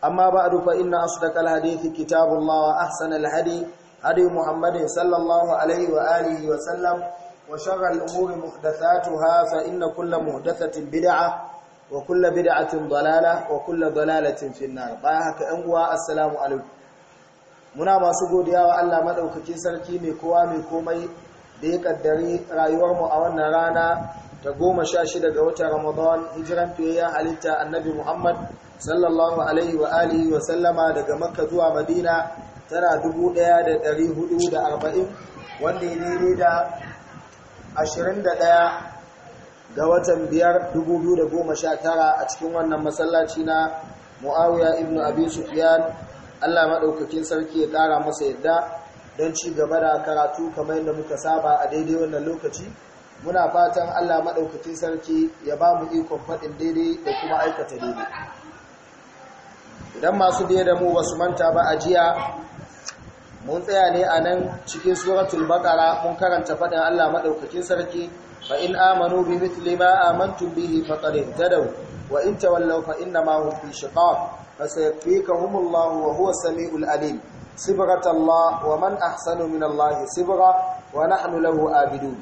amma ba ba'du fa inna asdaqal hadithi kitabullah wa ahsanal hadi hadi ya sallallahu alayhi wa alihi wa sallam wa shagha al-umuri muhdathatuha fa inna kulla muhdathatin bid'a wa kulla bid'atin dalala wa kulla dalalatin fi an ba haka an uwa assalamu alaikum muna masu godiyawa Allah madaukakin sarki mai kowa mai komai da ya kaddare rayuwar mu a wannan rana ta goma 16 ga watan Ramadan hijran fiye ya halitta annabi Muhammad sallallahu alaihi wa alihi wa sallama daga makka zuwa madina tana 1440 wanda ya daidai da 21 ga watan 5 2019 a cikin wannan masallaci na muawiya ibn abi sufiyan Allah maɗaukakin sarki ya ƙara masa yadda don ci gaba da karatu kamar yadda muka saba a daidai wannan lokaci muna fatan Allah maɗaukakin sarki ya ba mu ikon faɗin daidai da kuma aikata daidai idan masu biye da mu ba su manta ba a jiya mun tsaya ne a nan cikin suratul baqara mun karanta faɗin Allah maɗaukakin sarki fa in amanu bi mithli ma amantum bihi faqad ihtadaw wa in tawallaw fa inna ma hum fi shiqaq fasayfikahumullahu wa huwa samiul alim sibghatallah wa man ahsanu min Allah sibgha wa nahnu lahu abidun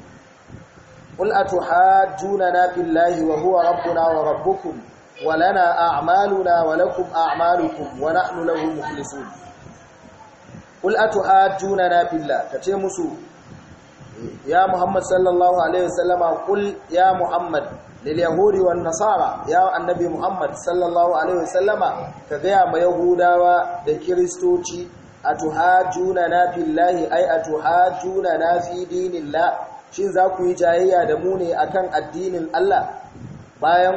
قل أتحاجوننا في الله وهو ربنا وربكم ولنا أعمالنا ولكم أعمالكم ونحن له مخلصون قل أتحاجوننا بالله كتمسوا يا محمد صلى الله عليه وسلم قل يا محمد لليهود والنصارى يا النبي محمد صلى الله عليه وسلم كغيا ما يهوداوا da kristoci atuhajunana billahi ay atuhajunana fi dinillah shin za ku yi jayayya da mu ne akan addinin Allah bayan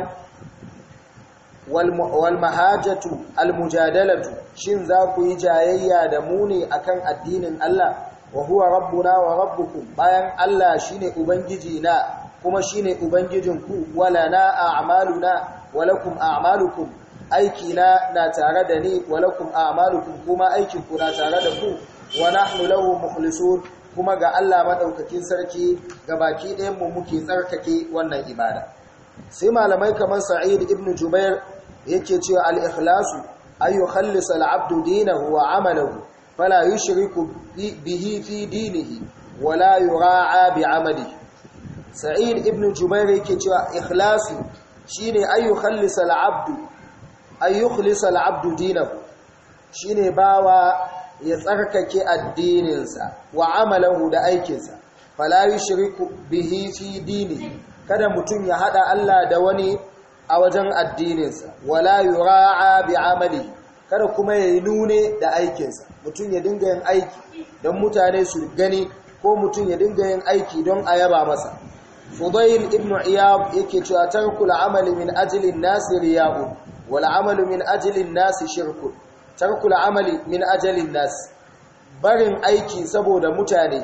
walmahajatu almujadalatu shin za ku yi jayayya da mu ne akan addinin Allah wa huwa rabbuna wa rabbukum bayan Allah shine ubangiji na kuma shine ubangijin ku wala na a'maluna walakum a'malukum aiki na na tare da ni walakum a'malukum kuma aikin ku na tare da ku wa nahnu lahu mukhlisun kuma ga Allah madaukakin sarki ga baki ɗayan mu muke tsarkake wannan ibada sai malamai kamar Sa'id ibn Jubair yake cewa al-ikhlasu ayu khallisa al-abdu dinahu wa amalahu fala yushriku bihi fi dinihi wala yura'a bi amalihi sa'id ibn jubair yake cewa ikhlasu shine ayu khallisa al-abdu ayu khallisa al-abdu dinahu shine bawa ya tsarkake addininsa wa amalahu da aikinsa fala yushriku bihi fi dinihi kada mutum ya hada Allah da wani a wajen addininsa wala yura'a bi kada kuma yayi nune da aikinsa mutum ya dinga yin aiki don mutane su gani ko mutum ya dinga yin aiki don a yaba masa fudail ibn iyab yake cewa tarkul amali min ajli an-nas riya'u wal min ajli an-nas shirku tarkul amali min ajli an barin aiki saboda mutane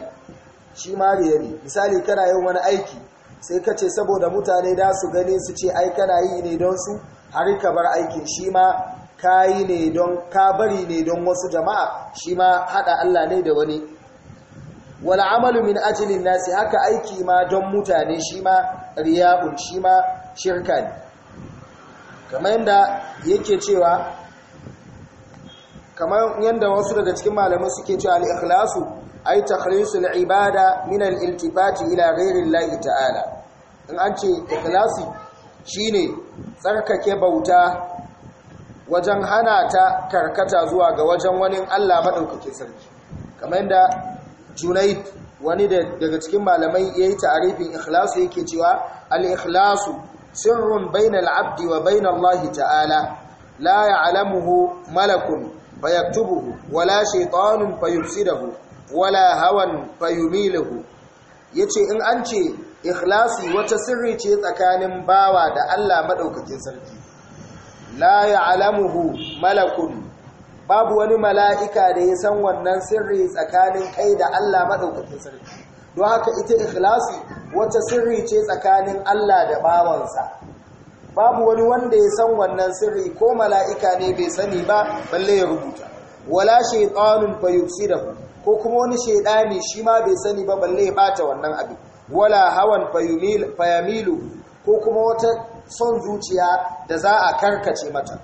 shi ma riya ne misali kana yin wani aiki sai ka ce saboda mutane da su gani su ce ai kana yi ne don su har ka bar aikin shi ma ka yi ne don ka bari ne don wasu jama'a shi ma haɗa Allah ne da wani wal amalu min ajlin nasi haka aiki ma don mutane shi ma riya'un shi ma shirka ne kamar yadda yake cewa kamar yadda wasu daga cikin malamai suke cewa al-ikhlasu ai takhrisul ibada min al-iltifati ila ghairi Allah ta'ala in an ce ikhlasi shine tsarkake bauta wajen hana ta karkata zuwa ga wajen wani Allah madaukake sarki kamar yadda Junaid wani daga cikin malamai yayi ta'arifin ikhlasu yake cewa al-ikhlasu sirrun bainal abdi wa bainallahi ta'ala la ya'lamuhu malakun fayaktubuhu wala shaytanun fayufsiduhu wala hawan fayumilahu yace in an ce ikhlasi wata sirri ce tsakanin bawa da Allah madaukakin sarki la ya'lamuhu malakun babu wani mala'ika da ya san wannan sirri tsakanin kai da Allah madaukakin sarki don haka ita ikhlasi wata sirri ce tsakanin Allah da bawansa babu wani wanda ya san wannan sirri ko mala'ika ne bai sani ba balle ya rubuta wala shaytanun fayufsidahu ko kuma wani shaidani shi ma bai sani ba balle ya bata wannan abin wala hawan fayamilu ko kuma wata son zuciya da za a karkace mata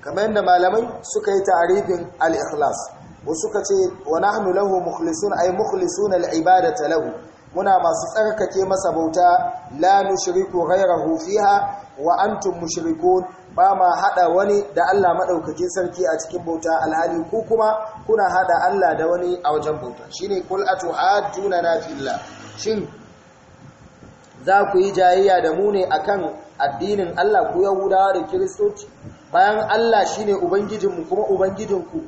kamar yadda malamai suka yi tarifin al-ikhlas wasu ka ce wa nahnu lahu mukhlisun ay mukhlisuna al-ibadata lahu muna masu tsarkake masa bauta la nushriku ghayrahu fiha wa antum mushrikun ba ma hada wani da Allah madaukakin sarki a cikin bauta alhali ku kuma kuna hada Allah da wani a wajen bauta shine kul aduna na fillah shin za ku yi jayayya da mu ne akan addinin Allah ku yahudawa da kiristoci bayan Allah shine ubangijinmu kuma ubangijinku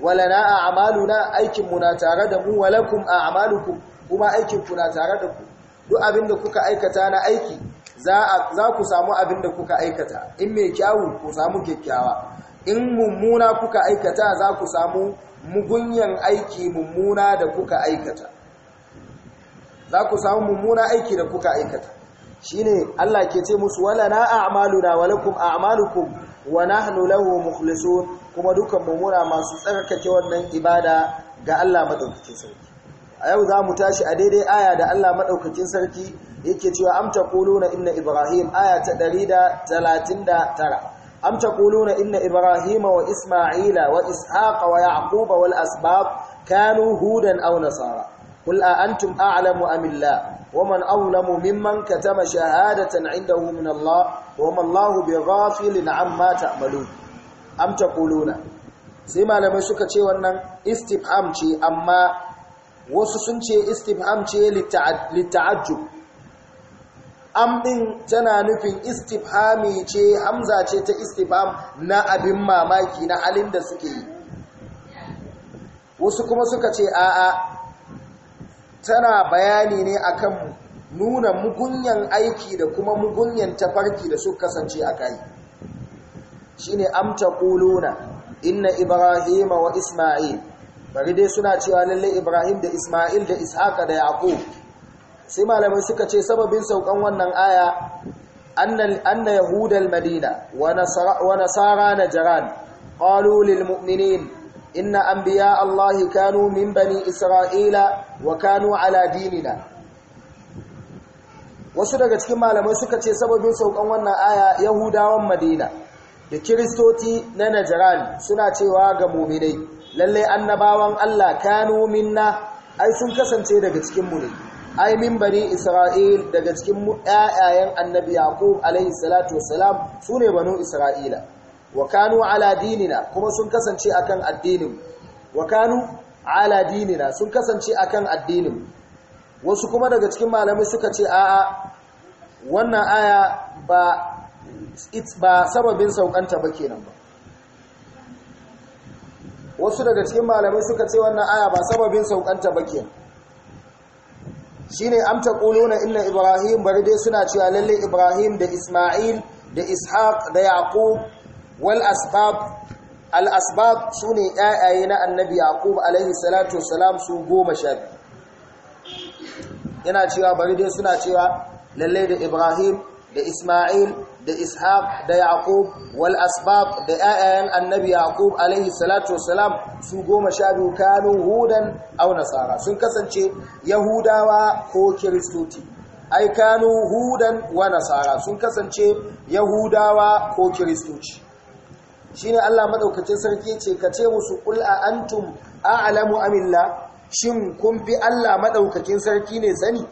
walana a'maluna aikinmu na tare da mu walakum a'malukum kuma aikin ku na tare da ku duk abinda kuka aikata na aiki za ku samu abin da kuka aikata in mai kyawu ku samu kyakkyawa in mummuna kuka aikata za ku samu mugunyan aiki mummuna da kuka aikata za ku samu mummuna aiki da kuka aikata shine Allah ke ce musu wala na a'maluna walakum a'malukum wa nahnu lahu mukhlisun kuma dukan mummuna masu tsarkake wannan ibada ga Allah madaukakin sarki a yau za mu tashi a daidai aya da Allah maɗaukakin sarki yake cewa amta kuluna inna ibrahim aya ta ɗari da da talatin tara. amta kuluna inna ibrahim wa isma'ila wa ishaqa wa yaquba wal asbab kanu hudan aw nasara qul a antum a'lamu am illah ومن أظلم ممن كتم شهادة عنده من الله وما الله بغافل عما تعملون Amta-Kuluna. Sai malamai suka ce wannan istifham ce amma wasu sun ce istifham ce litta'ajjub am din tana nufin istifhami ce hamza ce ta istifham na abin mamaki na halin da suke yi wasu kuma suka ce a'a tana bayani ne akan nuna mugunyan aiki da kuma mugunyan tafarki da suka kasance a kai shine amta quluna inna ibrahima wa isma'il bari dai suna cewa lallai Ibrahim da Isma'il da Ishaqa da Yaqub sai malamai suka ce sababin saukan wannan aya anna yahudal madina wa nasara na jiran najran qalu lil mu'minin inna anbiya allahi kanu min bani isra'ila wa kanu ala dinina wasu daga cikin malamai suka ce sababin saukan wannan aya yahudawan madina da kiristoci na najran suna cewa ga mu'minai lalle annabawan Allah kanu minna ai sun kasance daga cikin mu ne ai min bani isra'il daga cikin mu ayayen annabi yaqub alaihi salatu wassalam sune banu isra'ila wa kanu ala dinina kuma sun kasance akan addinin wa kanu ala dinina sun kasance akan addinin wasu kuma daga cikin malamai suka ce a'a wannan aya ba ba sababin saukanta ba kenan ba wasu daga cikin malamai suka ce wannan aya ba sababin saukanta ba ke shine amta quluna inna ibrahim bari dai suna cewa lalle ibrahim da isma'il da ishaq da yaqub wal asbab al asbab sune ayaye na annabi yaqub alaihi salatu wassalam su goma sha yana cewa bari dai suna cewa lalle da ibrahim da isma'il da ishaq da yaqub wal asbab da 'ya'yan annabi yaqub alayhi salatu wassalam su goma sha biyu kanu hudan aw nasara sun kasance yahudawa ko kiristoti ai kanu hudan wa nasara sun kasance yahudawa ko kiristoci shine Allah madaukakin sarki ce kace musu qul a antum a'lamu amilla shin kun fi Allah madaukakin sarki ne sani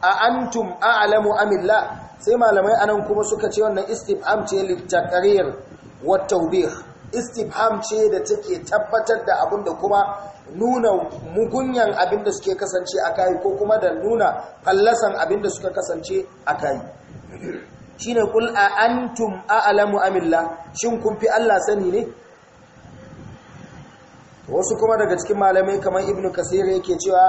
a antum a'lamu amilla sai malamai anan kuma suka ce wannan istifham ce litaqrir wa tawbih istifham ce da take tabbatar da abin da kuma nuna mugunyan abin da suke kasance a kai ko kuma da nuna fallasan abin da suka kasance a kai shine kul a antum a'lamu amilla shin kun fi Allah sani ne wasu kuma daga cikin malamai kamar ibnu kasir yake cewa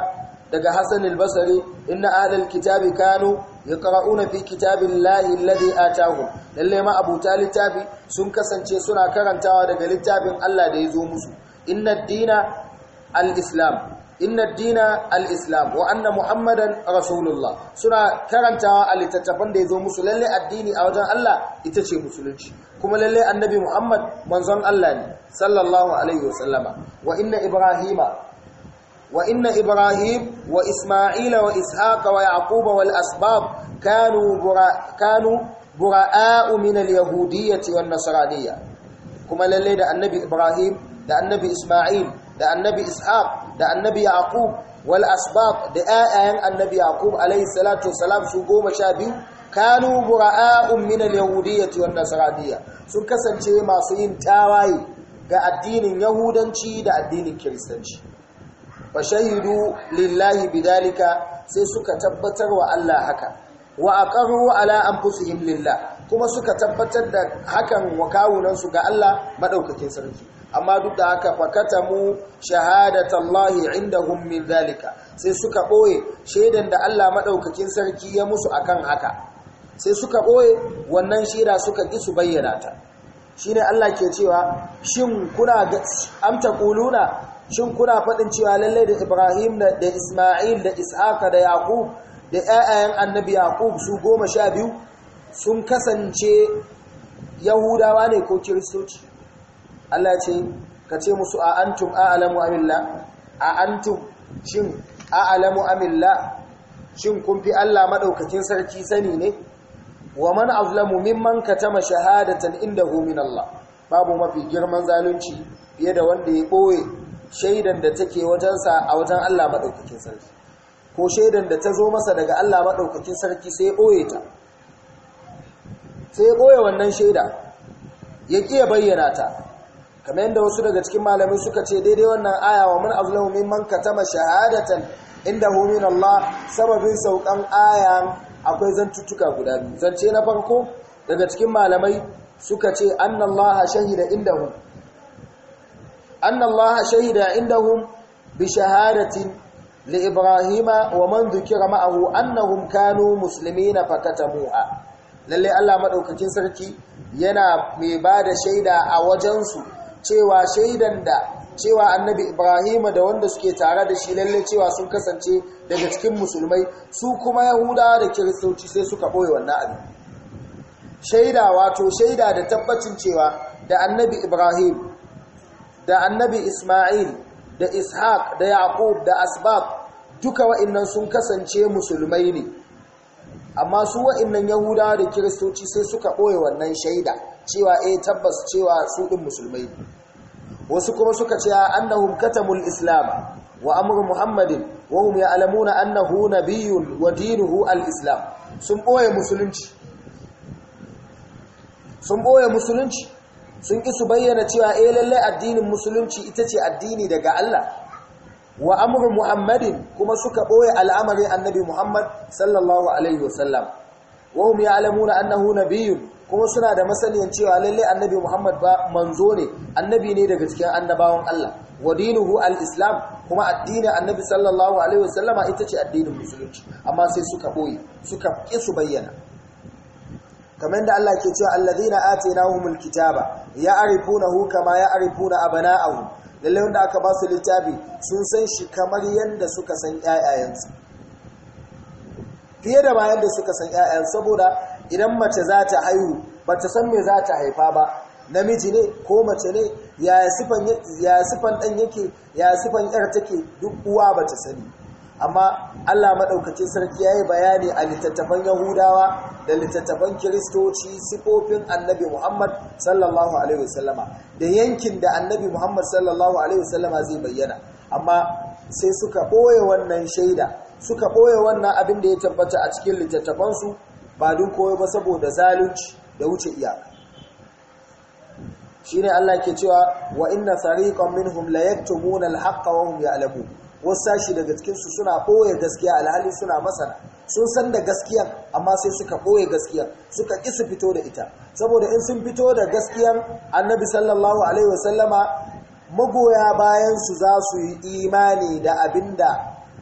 daga hasan al-basri inna ahlal kitabi kanu yaqra'una fi kitabillahi alladhi atahum lalle ma abu littafi sun kasance suna karantawa daga littafin Allah da ya zo musu inna dina al-islam inna dina wa anna muhammadan rasulullah suna karantawa a littattafan da ya zo musu lalle addini a wajen Allah ita ce musulunci kuma lalle annabi muhammad manzon Allah ne sallallahu alaihi wasallama wa inna ibrahima وإن إبراهيم وإسماعيل وإسحاق ويعقوب والأسباط كانوا براء كانوا براء من اليهودية والنصرانية كما للي ده النبي إبراهيم ده النبي إسماعيل ده النبي إسحاق ده النبي يعقوب والأسباط ده آيان النبي يعقوب عليه الصلاة والسلام سوقو مشابه كانوا براء من اليهودية والنصرانية سكسن شيء ما سين تاواي ga addinin yahudanci da addinin kiristanci fa shahidu lillahi bidalika sai suka tabbatar wa Allah haka wa aqarru ala anfusihim lillah kuma suka tabbatar da hakan wa kawunan su ga Allah madaukakin sarki amma duk da haka fakatamu shahadatallahi indahum min dalika sai suka boye shaidan da Allah madaukakin sarki ya musu akan haka sai suka boye wannan shira suka ki su bayyana ta shine Allah ke cewa shin kuna amta kuluna shin kuna faɗin cewa lallai da ibrahim da isma'il da Isaka da yaqub da 'ya'yan annabi yaqub su goma sha biyu sun kasance yahudawa ne ko kiristoci allah ce ka ce musu a antum a'lamu amilla a antum shin a'lamu amilla shin kun fi allah maɗaukakin sarki sani ne wa man azlamu mimman katama shahadatan indahu min allah babu mafi girman zalunci fiye da wanda ya ɓoye shaidan da take wajensa a wajen Allah maɗaukakin sarki ko shaidan da ta zo masa daga Allah maɗaukakin sarki sai ɓoye ta sai ɓoye wannan shaida ya ƙiya bayyana ta kamar yadda wasu daga cikin malamai suka ce daidai wannan aya wa mun azlamu mimman katama shahadatan inda hu min Allah sababin saukan aya akwai zantuttuka guda biyu zance na farko daga cikin malamai suka ce annallaha shahida indahu أن الله شهد عندهم بشهادة لإبراهيم ومن ذكر معه أنهم كانوا مسلمين فكتموها Lallai Allah madaukakin sarki yana mai da shaida a su cewa shaidan da cewa annabi Ibrahim da wanda suke tare da shi lalle cewa sun kasance daga cikin musulmai su kuma yahudawa da kiristoci sai suka boye wannan abin shaida wato shaida da tabbacin cewa da annabi Ibrahim da annabi Ismail da Ishaq da Yaqub da Asbab duka wa'annan sun kasance musulmai ne amma su wa'annan Yahudawa da Kiristoci sai suka boye wannan shaida cewa eh tabbas cewa su ɗin musulmai ne wasu kuma suka ce annahum katamul islam wa amru muhammadin wa hum ya'lamuna annahu nabiyyun wa dinuhu al-islam sun boye musulunci sun ɓoye musulunci sun ƙi su bayyana cewa eh lallai addinin musulunci ita ce addini daga Allah wa amru muhammadin kuma suka ɓoye al'amarin annabi muhammad sallallahu alaihi wasallam wa hum ya'lamuna annahu nabiyyun kuma suna da masaniyan cewa lallai annabi muhammad ba manzo ne annabi ne daga cikin annabawan Allah wa dinuhu al-islam kuma addinin annabi sallallahu alaihi wasallama ita ce addinin musulunci amma sai suka ɓoye suka ƙi su bayyana kamar da Allah ke cewa alladhina atainahumul kitaba ya'rifunahu kama ya'rifuna abana'ahum lalle wanda aka ba su littafi sun san shi kamar yanda suka san ƴaƴayensu fiye da bayan yanda suka san ƴaƴayensu saboda idan mace za ta haihu ba ta san me za ta haifa ba namiji ne ko mace ne ya sifan ya sifan dan yake ya sifan yar take duk uwa ba ta sani amma Allah maɗaukacin sarki ya yi bayani a litattafan Yahudawa da littattafan Kiristoci sifofin annabi Muhammad sallallahu Alaihi wasallama da yankin da annabi Muhammad sallallahu Alaihi wasallama zai bayyana amma sai suka ɓoye wannan shaida suka ɓoye wannan abin da ya tabbata a cikin littattafansu ba duk koyo ba saboda zalunci da wuce iyaka shine Allah ke cewa wa inna sariqan minhum la yaktumuna al-haqqa wa hum ya'lamun wasu sashi daga cikinsu suna ɓoye gaskiya alhali suna masana sun san da gaskiyan amma sai suka ɓoye gaskiya. suka ƙi su fito da ita saboda in sun fito da gaskiyan annabi sallallahu alaihi wasallama magoya bayansu za su yi imani da abinda da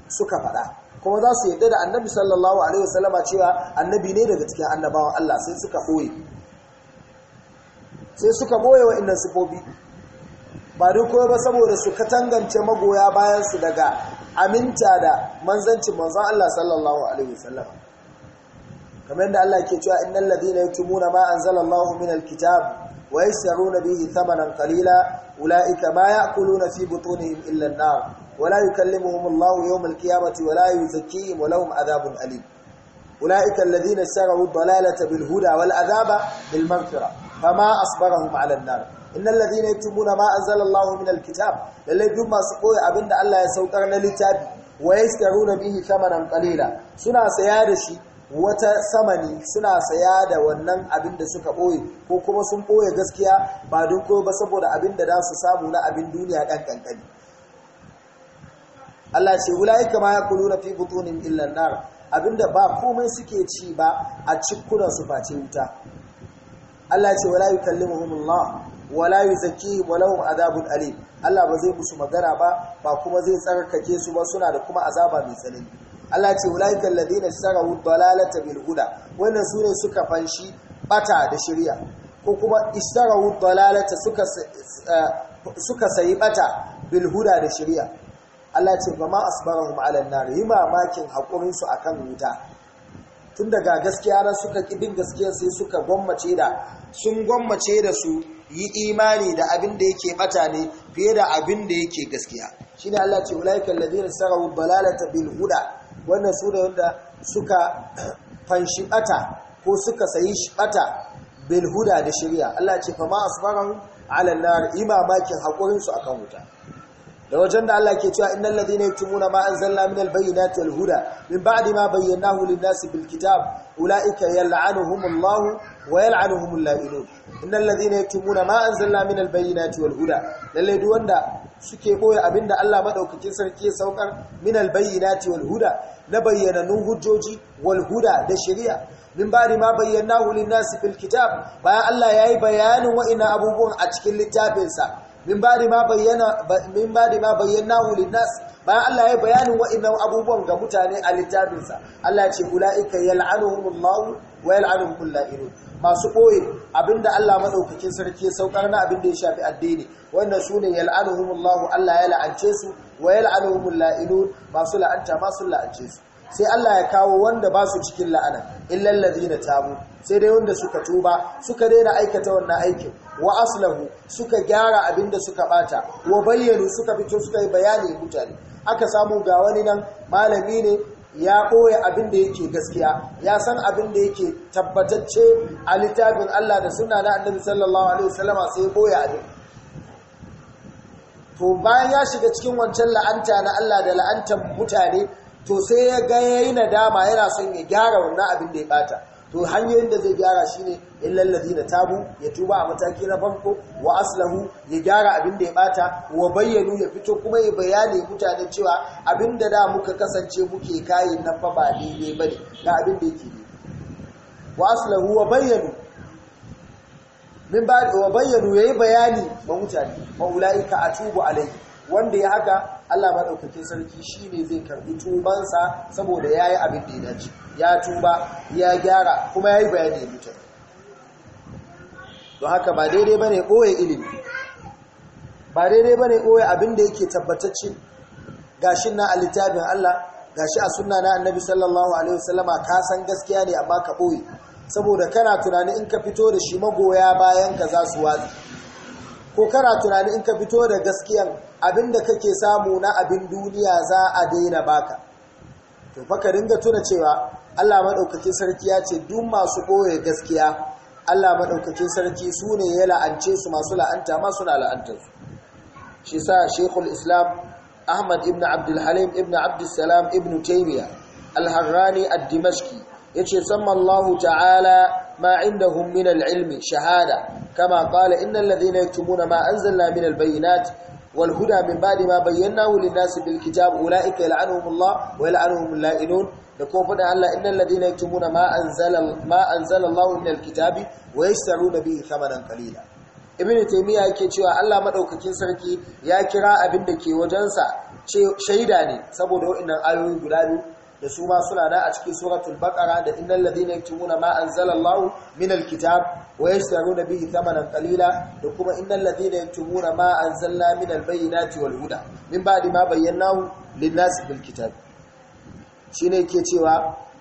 suka faɗa kuma za su yadda da annabi sallallahu alaihi wasallama cewa annabi ne daga cikin annabawan Allah sai suka ɓoye sai suka ɓoye wa innan sifofi ba duk ba saboda su katangance magoya bayansu daga aminta da manzancin manzon Allah sallallahu alaihi wasallam kamar da Allah ke cewa innal ladina na ma anzalallahu minal kitab wa na bihi thamanan kalila ulaika ma ya'kuluna fi butunihim illa an-nar wa la yukallimuhum Allah yawm al-qiyamati wa la yuzakkihim wa lahum alim ulaika alladhina sarau ad-dalalata bil huda wal azaba bil maghfira fama asbarahum ala nar innal ladina yaktumuna ma Allah minal kitab lalle duk masu koyi abinda Allah ya saukar na littafi wa yastaruna bihi thamanan qalila suna saya da shi wata samani suna saya da wannan abinda suka koyi ko kuma sun koyi gaskiya ba duk ko ba saboda abinda za su samu na abin duniya ɗan kankani. Allah ce ulai kama ya fi butunin illa nar abinda ba komai suke ci ba a cikunan su face wuta Allah ce wala yukallimuhumullah wala yi wa lahum adhabun alim Allah ba zai musu magana ba ba kuma zai tsarkake su ba suna da kuma azaba mai tsanani Allah ce ulaika alladhina ishtaraw dalalata bil huda wannan ne suka fanshi bata da shirya. ko kuma ishtaraw dalalata suka eh, suka sayi bata bil huda da shirya? Allah ce ba ma asbarahum ala nar yi mamakin haƙurinsu a kan wuta tun daga gaskiya na, suka kibin gaskiya sai suka gwammace da sun gwammace da su yi imani da abin da yake bata ne fiye da abin da yake gaskiya shine Allah ce Wulaika, ladina sarawu balalata bil huda wannan su wanda suka fanshi bata ko suka sayi bata bil huda da shari'a Allah ce fama a asbaran ala nar imamakin hakurin su akan wuta da wajen da Allah ke cewa innal ladina yaktumuna ma anzalna minal bayyinati wal huda min ba'di ma bayyanahu lin nasi bil kitab ulaika yal'anuhumullahu ويلعنهم اللاعنون ان الذين يكتمون ما انزلنا من البينات والهدى lalle duk wanda suke boye abinda Allah madaukakin sarki ya saukar min albayyinati wal huda na bayyananun hujjoji wal da shari'a min bari ma bayyana lin nasi fil kitab bayan Allah yayi bayanin wa'ina abubuwan a cikin littafin sa min bari ma bayyana min bari ma bayyanahu lin nas bayan Allah yayi bayanin wa'ina abubuwan ga mutane a littafin sa Allah ya ce ulaika yal'anuhumullahu wa yal'anuhum kullairun masu ɓoye abinda Allah maɗaukakin sarki ya saukar na abinda ya shafi addini wanda su ne yal'anuhumullahu Allah ya la'ance su wa yal'anuhumul la'inun masu la'anta masu la'ance su sai Allah ya kawo wanda ba su cikin la'ana in illal ladina tabu sai dai wanda suka tuba suka daina aikata wannan aikin wa aslahu suka gyara abinda suka bata wa bayyanu suka fito suka yi bayani mutane aka samu ga wani nan malami ne ya ɓoye abin da yake gaskiya ya san abin da yake tabbatacce a littafin Allah da suna na annabi sallallahu alaihi wasallam sai ya ɓoye abin to bayan ya shiga cikin wancan la'anta na Allah da la'antan mutane to sai ya ga yayi nadama yana son ya gyara wannan abin da ya bata to hanyoyin da zai gyara shi shine illal ladina tabu ya tuba a mataki na farko wa aslahu ya gyara abin da ya bata wa bayyanu ya fito kuma ya bayani mutane cewa abin da da muka kasance muke kayi na fa ba daidai bane ga abin da yake wa aslahu wa bayyanu min ba wa bayyanu yayi bayani ba mutane maula'ika a atubu alai wanda ya haka Allah maɗaukakin sarki shi ne zai karɓi tubansa saboda ya yi abin da ya dace ya tuba ya gyara kuma ya yi bayani ya mutane don haka ba daidai ba ne ɓoye ilimi ba daidai ba ne ɓoye abin da yake tabbatacce gashin na a littafin Allah gashi a suna na annabi sallallahu alaihi wasallama ka san gaskiya ne amma ka ɓoye saboda kana tunani in ka fito da shi magoya bayan ka za su watsi ko kana tunani in ka fito da gaskiyan Abin da kake samu na abin duniya za a daina baka to ka ringa tuna cewa Allah madaukakin sarki ya ce duk masu ɓoye gaskiya Allah madaukakin sarki sune ya la'ance su masu la'anta ma suna la'antar su shi sa Sheikhul Islam Ahmad ibn Abdul Halim ibn Abdul Salam ibn Taymiyyah Al-Harrani Ad-Dimashqi yace sallallahu ta'ala ما عندهم من العلم شهادة كما قال إن الذين ma ما أنزلنا من البينات والهدى من بعد ما بيناه للناس بالكتاب أولئك يلعنهم الله ويلعنهم اللائنون لكم فدع الله إن الذين يكتمون ما أنزل, ما أنزل الله من الكتاب ويشترون به ثمنا قليلا ibn taymiya yake cewa Allah madaukakin sarki ya kira abin da ke wajensa shaida ne saboda waɗannan ayoyi guda biyu da su suna na a cikin suratul baqara da innal ladina yaktumuna ma anzalallahu min alkitab wa yashtaruna bihi thamanan qalila da kuma innal ladina yaktumuna ma anzalna min albayyinati wal huda min ba'di ma bayyanahu lin bil kitab shine yake cewa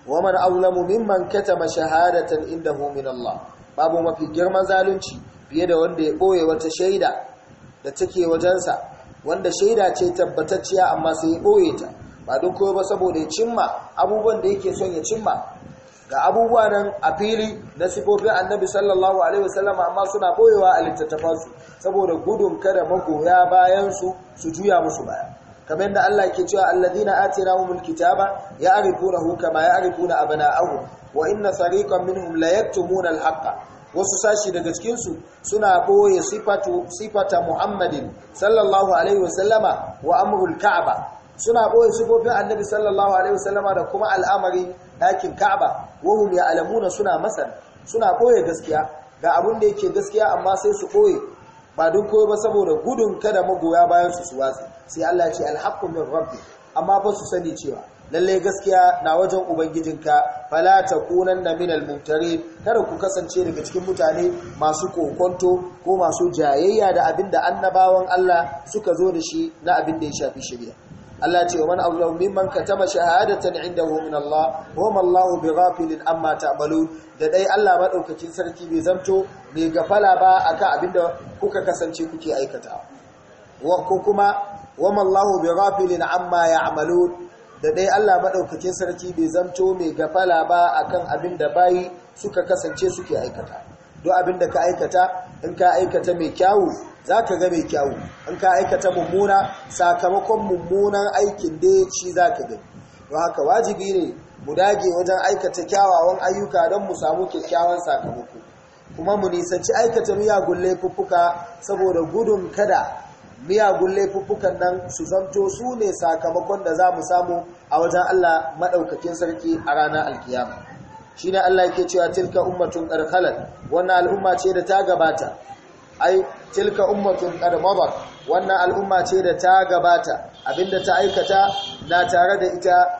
wa man awlamu mimman katama shahadatan indahu min Allah babu mafi girman zalunci fiye da wanda ya boye wata shaida da take wajensa wanda shaida ce tabbatacciya amma sai ya boye ta ba duk koyo ba saboda ya cimma abubuwan da yake son ya cimma ga abubuwa nan a fili na sifofin annabi sallallahu alaihi wasallam amma suna boyewa a littattafansu saboda gudun kada magoya bayansu su juya musu baya kamar yadda Allah ke cewa alladhina atinahumul kitaba ya'rifunahu kama ya'rifuna abna'ahum wa inna fariqan minhum la yaktumuna al wasu sashi daga cikin su suna boye sifatu sifata muhammadin sallallahu alaihi wasallama wa amrul ka'aba suna boye sifofin annabi sallallahu alaihi wasallama da kuma al'amarin dakin ka'aba wahum ya alamuna suna masan suna boye gaskiya ga abun da yake gaskiya amma sai su boye ba duk koyo ba saboda gudun kada magoya bayan su su watsi sai Allah ya ce alhaqqu min rabbi amma ba su sani cewa lallai gaskiya na wajen ubangijinka fala takunanna minal mumtarin kada ku kasance daga cikin mutane masu kokonto ko masu jayayya da abinda annabawan Allah suka zo da shi na abin da ya shafi shari'a Allah ce wa man ka taba shahadatan inda wumin Allah wa ma Allah bighafilin amma ta'malun da ɗai Allah maɗaukacin sarki bai zamto mai gafala ba a abin abinda kuka kasance kuke aikata wa ko kuma wa ma Allah bighafilin amma amalu da ɗai Allah maɗaukacin sarki bai zamto mai gafala ba a abin abinda bayi suka kasance suke aikata duk abinda ka aikata in ka aikata mai kyawu za ka ga mai kyawu an ka aikata mummuna sakamakon mummunan aikin da shi za ka gani don haka wajibi ne mu dage wajen aikata kyawawan ayyuka don mu samu kyakkyawan sakamako kuma mu nisanci aikata miyagun laifuffuka saboda gudun kada miyagun laifuffukan nan su zamto su ne sakamakon da za mu samu a wajen Allah maɗaukakin sarki a ranar alkiyama shi ne Allah yake cewa tilka ummatun ƙarƙalar wannan al'umma ce da ta gabata ai tilka ummatun qad mabat wannan al'umma ce da ta gabata abinda ta aikata na tare da ita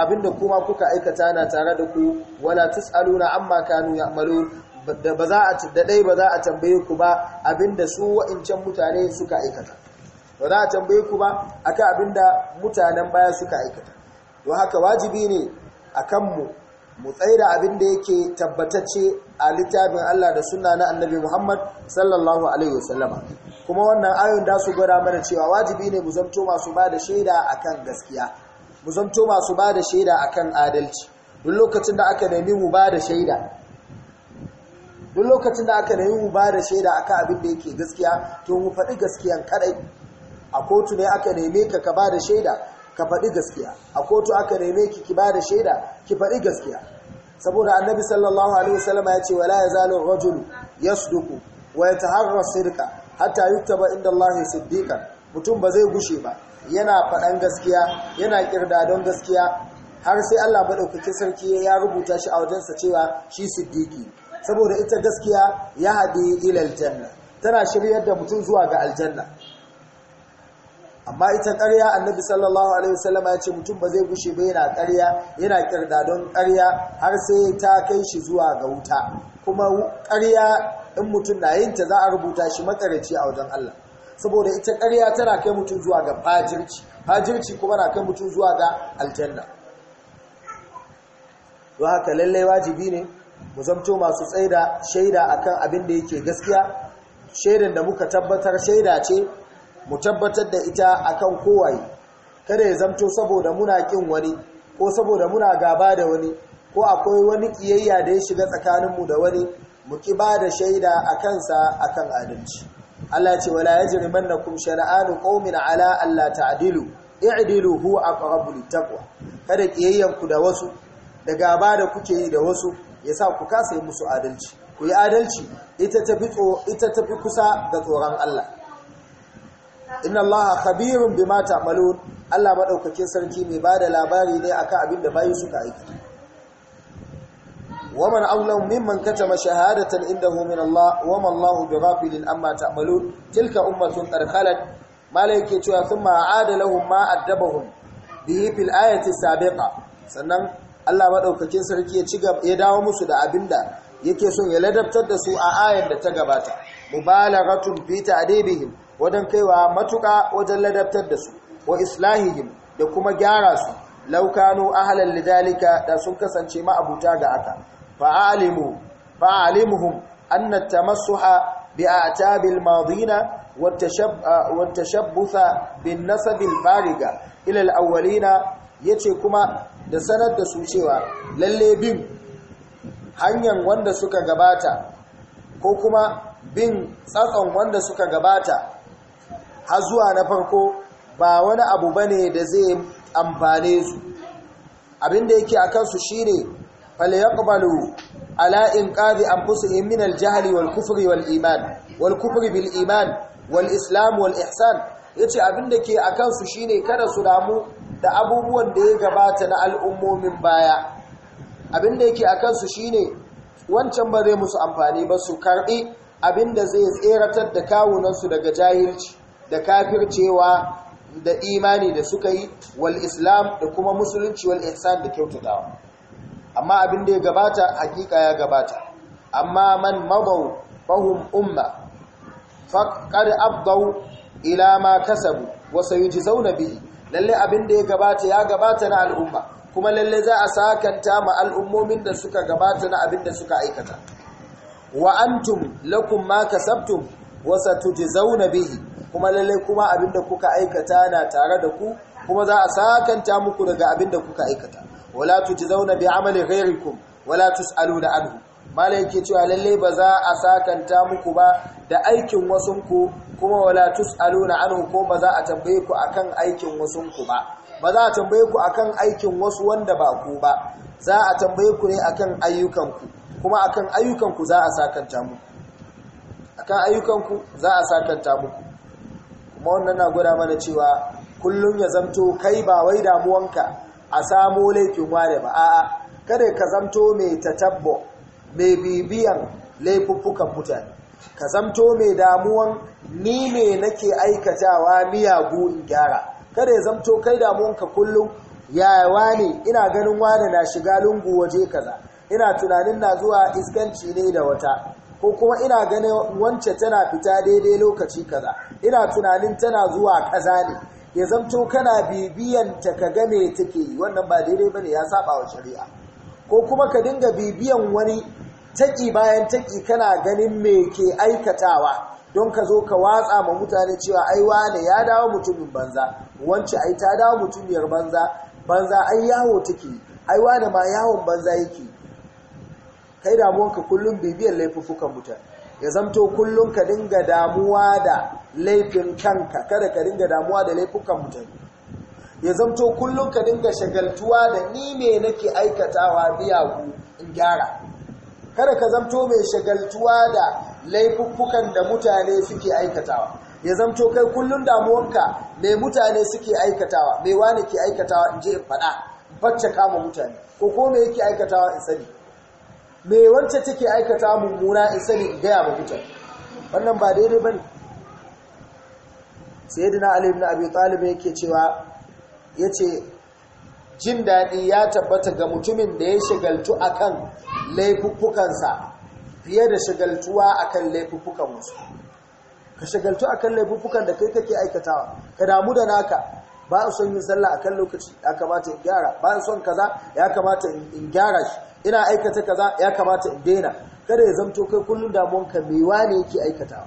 abinda kuma kuka aikata na tare da ku wala tusaluna amma kanu ya'malun da ba za a da dai ba za a tambaye ku ba abinda su wa'incan mutane suka aikata ba za a tambaye ku ba akan abinda mutanen baya suka aikata don haka wajibi ne akan mu mu tsaida abin da yake tabbatacce a littafin Allah da suna na annabi Muhammad sallallahu alaihi wasallama kuma wannan ayon da su gwada mana cewa wajibi ne mu zamto masu ba da shaida kan gaskiya mu zamto masu ba da shaida kan adalci duk lokacin da aka nemi mu ba da shaida duk lokacin da aka nemi mu ba da shaida kan abin da yake gaskiya to mu faɗi gaskiyan kadai a kotu ne aka neme ka ka ba da shaida ka faɗi gaskiya a kotu aka neme ki ki ba da shaida ki faɗi gaskiya saboda annabi sallallahu alaihi wasallam ya ce wala yazalu rajul yasduku wa yataharra sirqa hatta yuktaba inda Allah siddiqan mutum ba zai gushe ba yana faɗan gaskiya yana kirda don gaskiya har sai Allah ba ɗaukaki sarki ya rubuta shi a wajensa cewa shi siddiqi saboda ita gaskiya ya hadi ila aljanna tana shiryar da mutum zuwa ga aljanna amma ita ƙarya annabi sallallahu alaihi wasallam ya ce mutum ba zai gushe ba yana ƙarya yana kirda don ƙarya har sai ta kai shi zuwa ga wuta kuma ƙarya in mutum na yin ta za a rubuta shi matsaraci a wajen Allah saboda ita ƙarya tana kai mutum zuwa ga fajirci fajirci kuma na kai mutum zuwa ga aljanna don haka lallai wajibi ne mu zamto masu tsaida shaida akan abin da yake gaskiya shaidan da muka tabbatar shaida ce mu tabbatar da ita akan kowaye kada ya zamto saboda muna kin wani ko saboda muna gaba da wani ko akwai wani kiyayya da ya shiga tsakaninmu da wani mu ki ba da shaida a kansa a kan adalci Allah ce wala yajrimannakum shana'anu ƙomin ala Allah ta'dilu hu huwa aqrabu takwa. kada kiyayyan ku da wasu da gaba da kuke yi da wasu ya sa ku kasa yi musu adalci ku yi adalci ita tafi kusa ga tsoron Allah inna allaha khabirun bima ta'malun Allah Maɗaukakin sarki mai bada labari ne akan abin da bayi suka aiki waman awlaw mimman katama shahadatan indahu min Allah wama Allahu bighafilin amma ta'malun tilka ummatun qad khalat malaike cewa thumma aada lahum ma addabahum bihi fil ayati sabiqa sannan Allah Maɗaukakin sarki ya ci ya dawo musu da abinda yake son ya ladabtar da su a ayar da ta gabata mubalaghatun fi ta'dibihim wajen kaiwa matuƙa wajen ladabtar da su wa islahihim da kuma gyara su laukano ahalan lidalika da sun kasance ma'abuta ga aka fa'alimu masu anna at a tabil a'tabil madina watashabbutha bin nasabin fariga ilal al yace kuma da sanar da su cewa lalle bin hanyar wanda suka gabata ko kuma bin tsatson wanda suka gabata har zuwa na farko ba wani abu ba ne da zai amfane su abinda yake a kansu shine falyaqbalu ala’in inqadhi An-fusu, iminal jihari wal kufuri wal-iman wal kufuri bil-iman wal-islam wal-ihsan yace abinda ke a kansu shine kada su damu da abubuwan da ya gabata na al'ummomin baya abinda yake a kansu shine wancan ba zai musu amfani ba su karɓi abinda zai tseratar da kawunansu daga jahilci da kafircewa da imani da suka yi wal islam da kuma musulunci wal ihsan da kyautatawa amma abin da ya gabata hakika ya gabata amma man mabaw fahum umma faqad abdaw ila ma kasabu wa sayujzauna bihi lalle abin da ya gabata ya gabata na al'umma kuma lalle za a sakanta ma al'ummomin da suka gabata na abin da suka aikata wa antum lakum ma kasabtum wa satujzauna bihi kuma lalle kuma abin da kuka aikata na tare da ku kuma za a sakanta muku daga abinda kuka aikata wala tujzauna bi amali ghayrikum wala tusaluna anhu malai yake cewa lalle ba za a sakanta muku ba da aikin ku. kuma wala tusaluna anhu ko ba za a tambaye ku akan aikin ku ba ba za a tambaye ku akan aikin wasu wanda ba ku ba za a tambaye ku ne akan ayyukan ku. kuma akan ku za a sakanta muku akan ayyukanku za a sakanta muku kuma wannan na gwada mana cewa kullum ya zamto kai ba wai damuwanka a samo laifin ware ba a'a kada ka zamto mai tatabbo mai bibiyan laifuffukan mutane ka zamto mai damuwan ni ne nake aikatawa miyagu in gyara kada ya zamto kai damuwanka kullum ya wani ina ganin wani na shiga lungu waje kaza ina tunanin na zuwa iskanci ne da wata ko kuma ina ganin wance tana fita daidai lokaci kaza ina tunanin tana zuwa kaza ne ya zamto kana bibiyan ta ka game take yi wannan ba daidai ba ne ya saba wa shari'a ko kuma ka dinga bibiyan wani taƙi bayan taki kana ganin me ke aikatawa don ka zo ka watsa ma mutane cewa ai wane ya dawo mutumin banza wance ai ta dawo mutumiyar banza banza ai yawo take ai wane ma yawon banza yake kai damuwanka kullum bibiyan laifuffukan mutane ya zamto kullum ka dinga damuwa da laifin kanka kada ka dinga damuwa da laifukan mutane ya zamto kullum ka dinga shagaltuwa da ni me nake aikatawa ku in gyara kada ka zamto mai shagaltuwa da laifukan da mutane suke aikatawa ya zamto kai kullum damuwanka mai mutane suke aikatawa mai wani ke aikatawa in je in faɗa bacce kama mutane ko ko me yake aikatawa in sani me wancan take aikatawa mummuna in sani in gaya ma mutane wannan ba daidai ne. sayyidina ali ibn abi talib yake cewa yace jin daɗi ya tabbata ga mutumin da ya shagaltu akan laifukukansa, fiye da shagaltuwa akan laifukukan wasu ka shagaltu akan laifukukan da kai kake aikatawa ka damu da naka ba son yin sallah akan lokaci ya kamata in gyara ba son kaza ya kamata in gyara shi ina aikata kaza ya kamata in daina kada ya zamto kai kullun damuwanka mewa ne yake aikatawa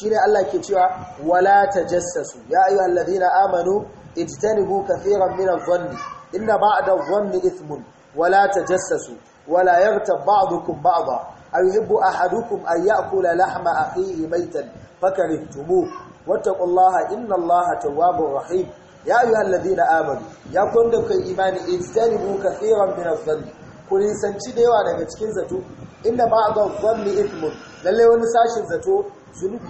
shine Allah ke cewa wala tajassasu ya ayyuhal ladina amanu ijtanibu kathiran min adh-dhanni inna ba'da adh-dhanni ithmun wala tajassasu wala yaghtab ba'dukum ba'dha ayuhibbu ahadukum an ya'kula lahma akhihi maytan fakarihtumuhu wattaqullaha innallaha tawwabur rahim ya ayyuhal ladina amanu ya kunda kai imani ijtanibu kathiran min adh-dhanni ku nisanci da yawa daga cikin zato inna ba'da adh-dhanni ithmun lalle wani sashin zato zunubi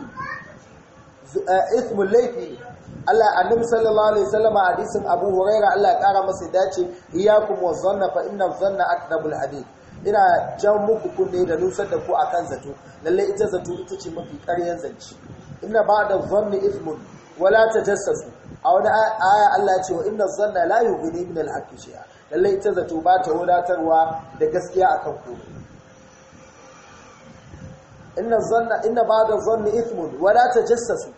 eh, ismin laifi Allah annabi sallallahu alaihi wasallam hadisin Abu Huraira Allah ya kara masa dace iyyakum wa zanna fa inna zanna akdabul hadith ina jan muku kunne da nusar da ku akan zato lalle ita zato ita ce mafi ƙaryan zanci inna ba'da zanni ismun wala tajassasu a wani aya Allah ya ce wa inna zanna la yughni min al-haqqi shay'a lalle ita zato ba ta wadatarwa da gaskiya akan ku inna zanna inna ba'da zanni ithmun wala tajassasu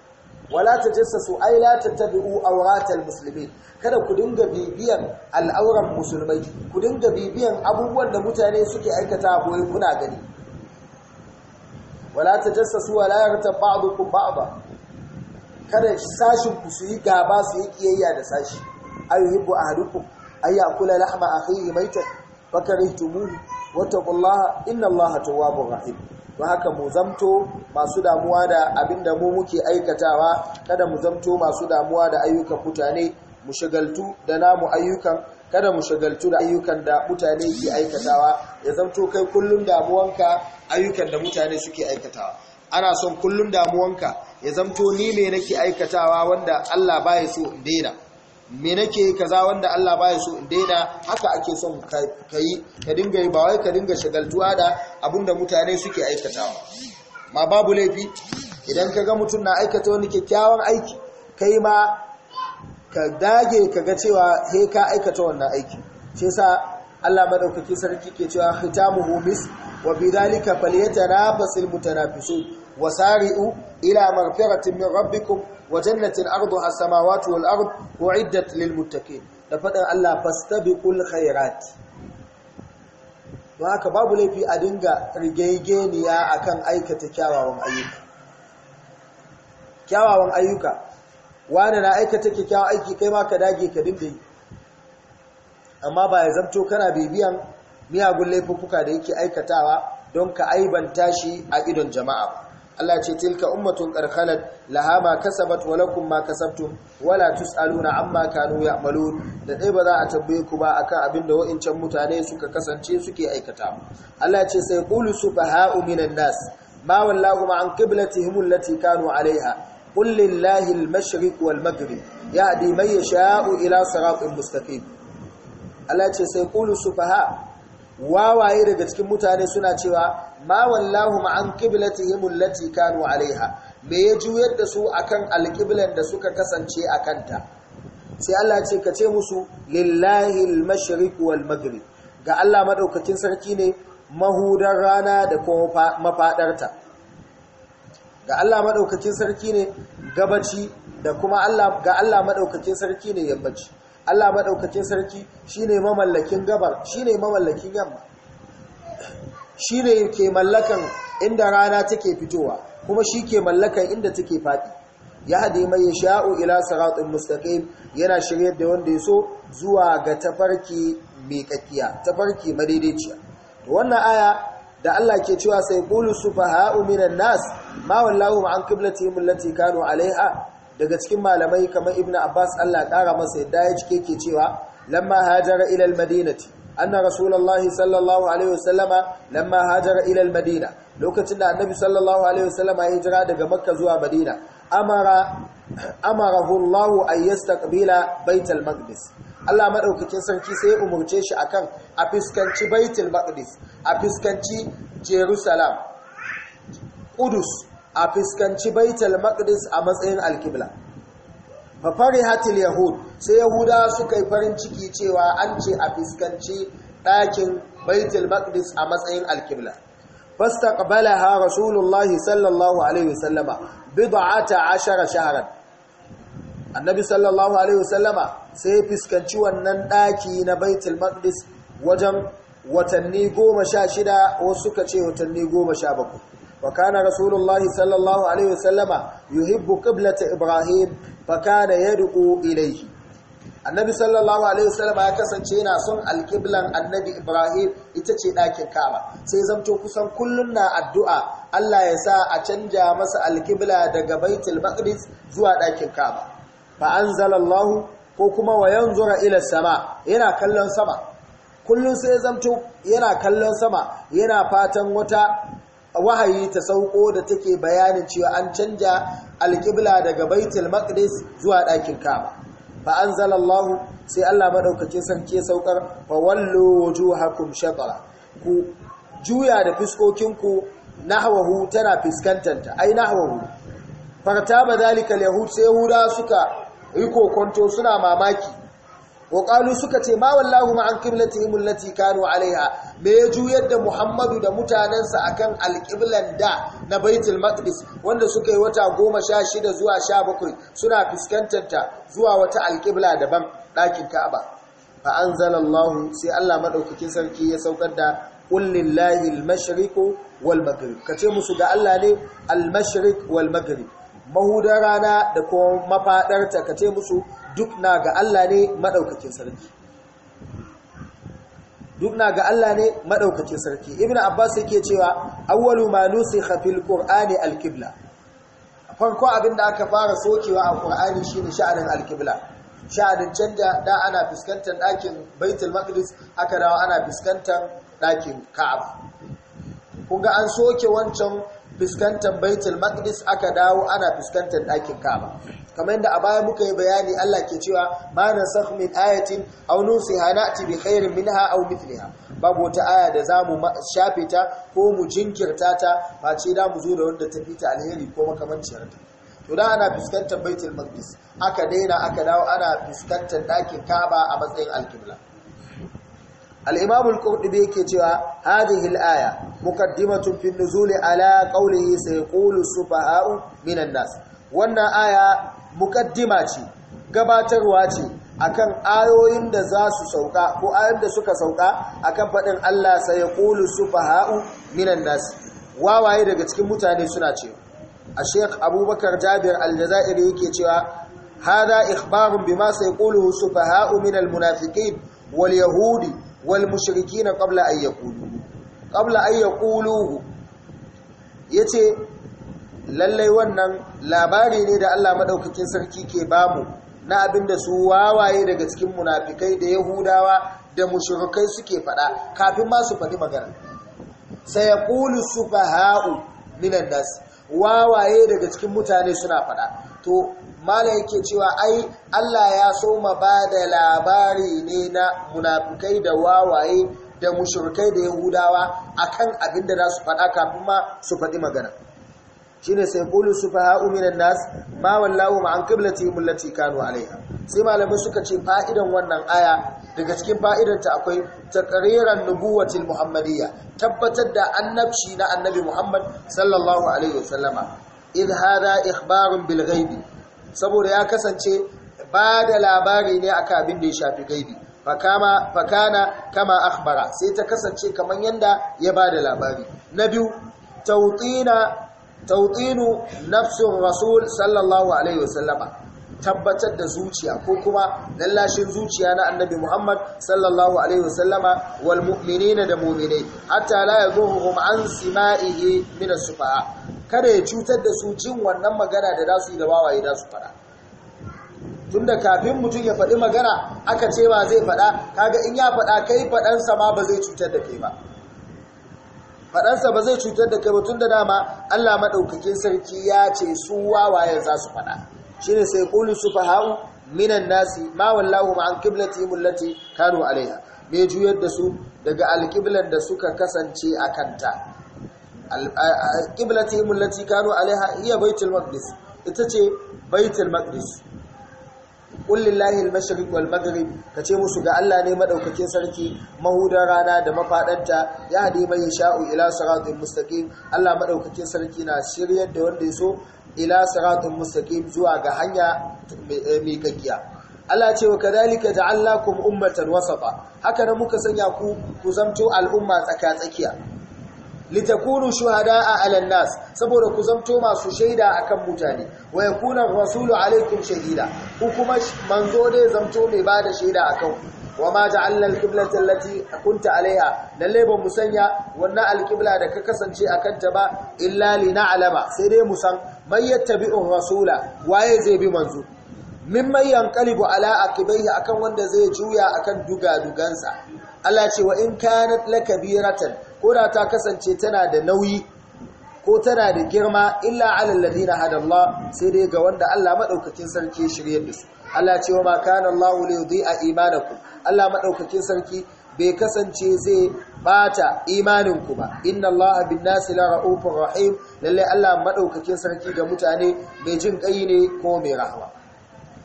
wala tajassasu ay la tattabi'u awratal muslimin kada ku dinga bibiyan al'auran musulmai ku dinga bibiyan abubuwan da mutane suke aikata boye kuna gani wala tajassasu wala yartab ba'dukum ba'da kada sashin ku su yi gaba su yi kiyayya da sashi ayyuhibbu ahadukum ayyakula lahma akhihi maitan fakarintumuhu wattaqullaha innallaha tawwabur rahim don haka mu zamto masu damuwa da abinda mu muke aikatawa kada mu zamto masu damuwa da ayyukan mutane mu shagaltu da namu ayyukan kada mu shagaltu da ayyukan da mutane ke aikatawa ya zamto kai kullum damuwanka ayyukan da mutane suke aikatawa ana son kullum damuwanka ya zamto ni me nake aikatawa wanda Allah baya so in daina me nake kaza wanda Allah baya so in daina haka ake son ka yi ka dinga yi ba wai ka dinga shagaltuwa da abinda mutane suke aikatawa ma babu laifi idan ka ga mutum na aikata wani kyakkyawan aiki kai ma ka dage ka ga cewa he ka aikata wannan aiki shi yasa Allah madaukaki sarki ke cewa khitamuhu mis wa bidhalika mutanafisu mutanafisun wasari'u ila maghfiratin min rabbikum wa jannatin arduha as-samawati wal ard ko lil muttaqin da fadan Allah fastabiqul khairat don haka babu laifi a dinga rigegeniya akan aikata kyawawan ayyuka kyawawan ayyuka wani na aikata kyawawan aiki kai ma ka dage ka dinga amma ba ya zamto kana bibiyan miyagun laifuffuka da yake aikatawa don ka aibanta shi a idon jama'a Allah ce tilka ummatun qarqalat laha ma kasabat wa lakum ma kasabtum wala tusaluna amma kanu ya'malun da dai ba za a tambaye ku ba akan abin da wa'incan mutane suka kasance suke aikata Allah ce sai qulu subha'u minan nas ma wallahu ma an qiblatihim allati kanu alaiha qul lillahi al-mashriq wal maghrib yahdi man yasha'u ila siratin mustaqim Allah ce sai qulu subha'u wawaye daga cikin mutane suna cewa ma wallahu ma an qiblatihim allati kanu alaiha me ya juyar da su akan alqiblan da suka kasance a kanta sai Allah ce ka ce musu lillahi al-mashriq wal maghrib ga Allah madaukakin sarki ne mahudar rana da kuma mafadarta ga Allah madaukakin sarki ne gabaci da kuma Allah ga Allah madaukakin sarki ne yammaci Allah maɗaukacin sarki shine mamallakin gabar shine mamallakin yamma shine ke mallakan inda rana take fitowa kuma shi ke mallakan inda take faɗi ya haɗe mai sha'u ila saratun mustaqim yana shirye da wanda ya so zuwa ga tafarki mai kakkiya tafarki madaidaiciya wannan aya da Allah ke cewa sai fa sufaha'u minan nas ma wallahu an qiblatihim allati kanu alaiha daga cikin malamai kamar ibn abbas allah ƙara masa yadda ya cike ke cewa lamma hajara ila almadinati anna rasulullahi sallallahu alaihi wasallama lamma hajara ilal madina lokacin da annabi sallallahu alaihi wasallama ya jira daga makka zuwa madina amara amarahu allah an yastaqbila baital maqdis Allah madaukakin sarki sai ya umarce shi akan a fiskanci baital maqdis a fiskanci jerusalem qudus a fuskanci baitul maqdis a matsayin alkibla fa farihatil yahud sai yahuda suka yi farin ciki cewa an ce a fuskanci ɗakin baitul maqdis a matsayin alkibla fastaqbalaha rasulullahi sallallahu alaihi wasallama bid'ata ashara shahran annabi sallallahu alaihi wasallama sai fuskanci wannan daki na baitul maqdis wajen watanni 16 wasu ka ce watanni 17 وكان رسول الله صلى الله عليه وسلم يحب قبلة إبراهيم فكان يدعو إليه النبي صلى الله عليه وسلم ya kasance yana son alƙiblan annabi Ibrahim ita ce ɗakin kama, sai zamto kusan kullum na addu'a Allah ya sa a canja masa alƙibla daga Baitul Maqdis zuwa ɗakin kama. fa anzalallahu ko kuma wa yanzura ila sama yana kallon sama kullum sai zamto yana kallon sama yana fatan wata wahayi ta sauko da take bayanin cewa an canja alƙibla daga baitul maqdis zuwa ɗakin kaba fa anzalallahu sai Allah madaukakin sarki saukar fa wallu wujuhakum shatara ku juya da fiskokinku nahwahu tana ta ai nahwahu fartaba zalika alyahud sai yahuda suka riko kwanto suna mamaki wa suka ce ma wallahu ma an qiblatihim allati kanu alaiha me ya juyar da Muhammadu da mutanensa akan alqiblan da na Baitul Maqdis wanda suka yi wata goma sha shida zuwa sha bakwai suna fuskantar zuwa wata alqibla daban ɗakin Ka'aba fa anzalallahu sai Allah madaukakin sarki ya saukar da kullillahi al-mashriqu wal kace musu ga Allah ne al-mashriq wal rana da kuma mafadarta kace musu duk na ga Allah ne madaukakin sarki duk na ga Allah ne madaukakin sarki ibnu abbas yake cewa awwalu ma nusikha fil qur'ani al qibla farko abinda aka fara sokewa a qur'ani shine sha'anin al qibla sha'anin canja da ana fuskantar dakin baitul maqdis aka dawo ana fuskantar dakin ka'aba kunga an soke wancan fuskantar baitul maqdis aka dawo ana fuskantar ɗakin ka'aba kamar yadda a baya muka yi bayani Allah ke cewa ma nasakh min ayatin aw nusiha na'ti bi khairin minha aw mithliha babu wata aya da zamu shafe ta ko mu jinkirta ta ce da mu zo da wanda ta fita alheri ko makamanciyar ta to da ana fuskantar baitul maqdis aka daina aka dawo ana fuskantar dakin kaaba a matsayin alqibla الإمام القرطبي كتوى هذه الآية مقدمة في النزول على قوله سيقول السفهاء من الناس وأن آية muƙaddima ce gabatarwa ce akan ayoyin da za su sauka ko ayoyin da suka sauka akan faɗin Allah sai ya ƙulu faha'u minan nasi wawaye daga cikin mutane suna ce a sheik abubakar jabir aljazairi yake cewa hada ikhbarun bima sai ƙulu faha'u minal munafiqin wal yahudi wal mushrikin na ƙabla ayyakulu yace lallai wannan labari ne da Allah madaukakin sarki ke bamu na abinda su wawaye daga cikin munafikai da yahudawa da mushrikai suke fada kafin ma su faɗi magana sayaqulu sufaha'u minan nas wawaye daga cikin mutane suna faɗa. to mala yake cewa ai Allah ya so ma da labari ne na munafikai da wawaye da mushrikai da yahudawa akan abinda za su fada kafin ma su faɗi magana shine sai qulu sufaha'u minan nas ma wallahu ma an qiblatihim allati kanu alaiha sai malamai suka ce fa'idan wannan aya daga cikin ta akwai taqriran nubuwatil muhammadiyya tabbatar da annabci na annabi muhammad sallallahu alaihi wasallama idh ikhbarun bil saboda ya kasance ba da labari ne akan abin da ya shafi gaibi fakama fakana kama akhbara sai ta kasance kaman yanda ya ba da labari na biyu tawtina نفس الرسول rasul الله عليه وسلم tabbatar da zuciya ko kuma lallashin zuciya na annabi Muhammad sallallahu alaihi wasallama wal mu'minina da mu'minai hatta la yadhuhum an sima'ihi min as kada ya cutar da su jin wannan magana da zasu yi da waye zasu fara tunda kafin mutum ya faɗi magana aka ce ba zai faɗa kaga in ya faɗa kai sa ma ba zai cutar da kai ba faɗansa ba zai cutar da kai da dama Allah maɗaukakin sarki ya ce su wawayen za su faɗa shi ne sai ƙuli su fahau minan nasi ma wallahu ma an kiblati mullati kanu alaiha me juyar da su daga alƙiblar da suka kasance a kanta alƙiblati mullati kanu alaiha iya baitul maqdis ita ce baitul maqdis kullillahi al-mashriq wal maghrib kace musu ga Allah ne madaukakin sarki mahudar rana da mafaɗanta ya hade mai sha'u ila siratul mustaqim Allah madaukakin sarki na shiryar da wanda yaso ila siratul mustaqim zuwa ga hanya mai kakkiya eh, Allah ce wa kadhalika ja'alnakum ummatan wasafa haka ne muka sanya ku ku zamto al'umma tsaka tsakiya litakunu shuhada'a 'alan nas saboda ku zamto masu shaida akan mutane wa yakuna rasulu alaikum shahida ku kuma manzo dai zamto mai bada shaida akan ku wama ja'alna al-qiblata allati kunta alaiha lalle ba mu sanya wannan al-qibla da ka kasance akan ta ba illa lina'lama sai dai mu san may yattabi'u rasula waye zai bi manzo mimman yanqalibu ala aqibaihi akan wanda zai juya akan duga dugansa Allah ce wa in kanat lakabiratan ko ta kasance tana da nauyi ko tana da girma illa alal ladina hadallah sai dai ga wanda Allah madaukakin sarki shiryar da su Allah cewa ma kana Allahu li yudhi'a imanakum Allah madaukakin sarki bai kasance zai bata imaninku ba inna allaha bin nasi la ra'ufur rahim lalle Allah madaukakin sarki ga mutane mai jin kai ne ko mai rahama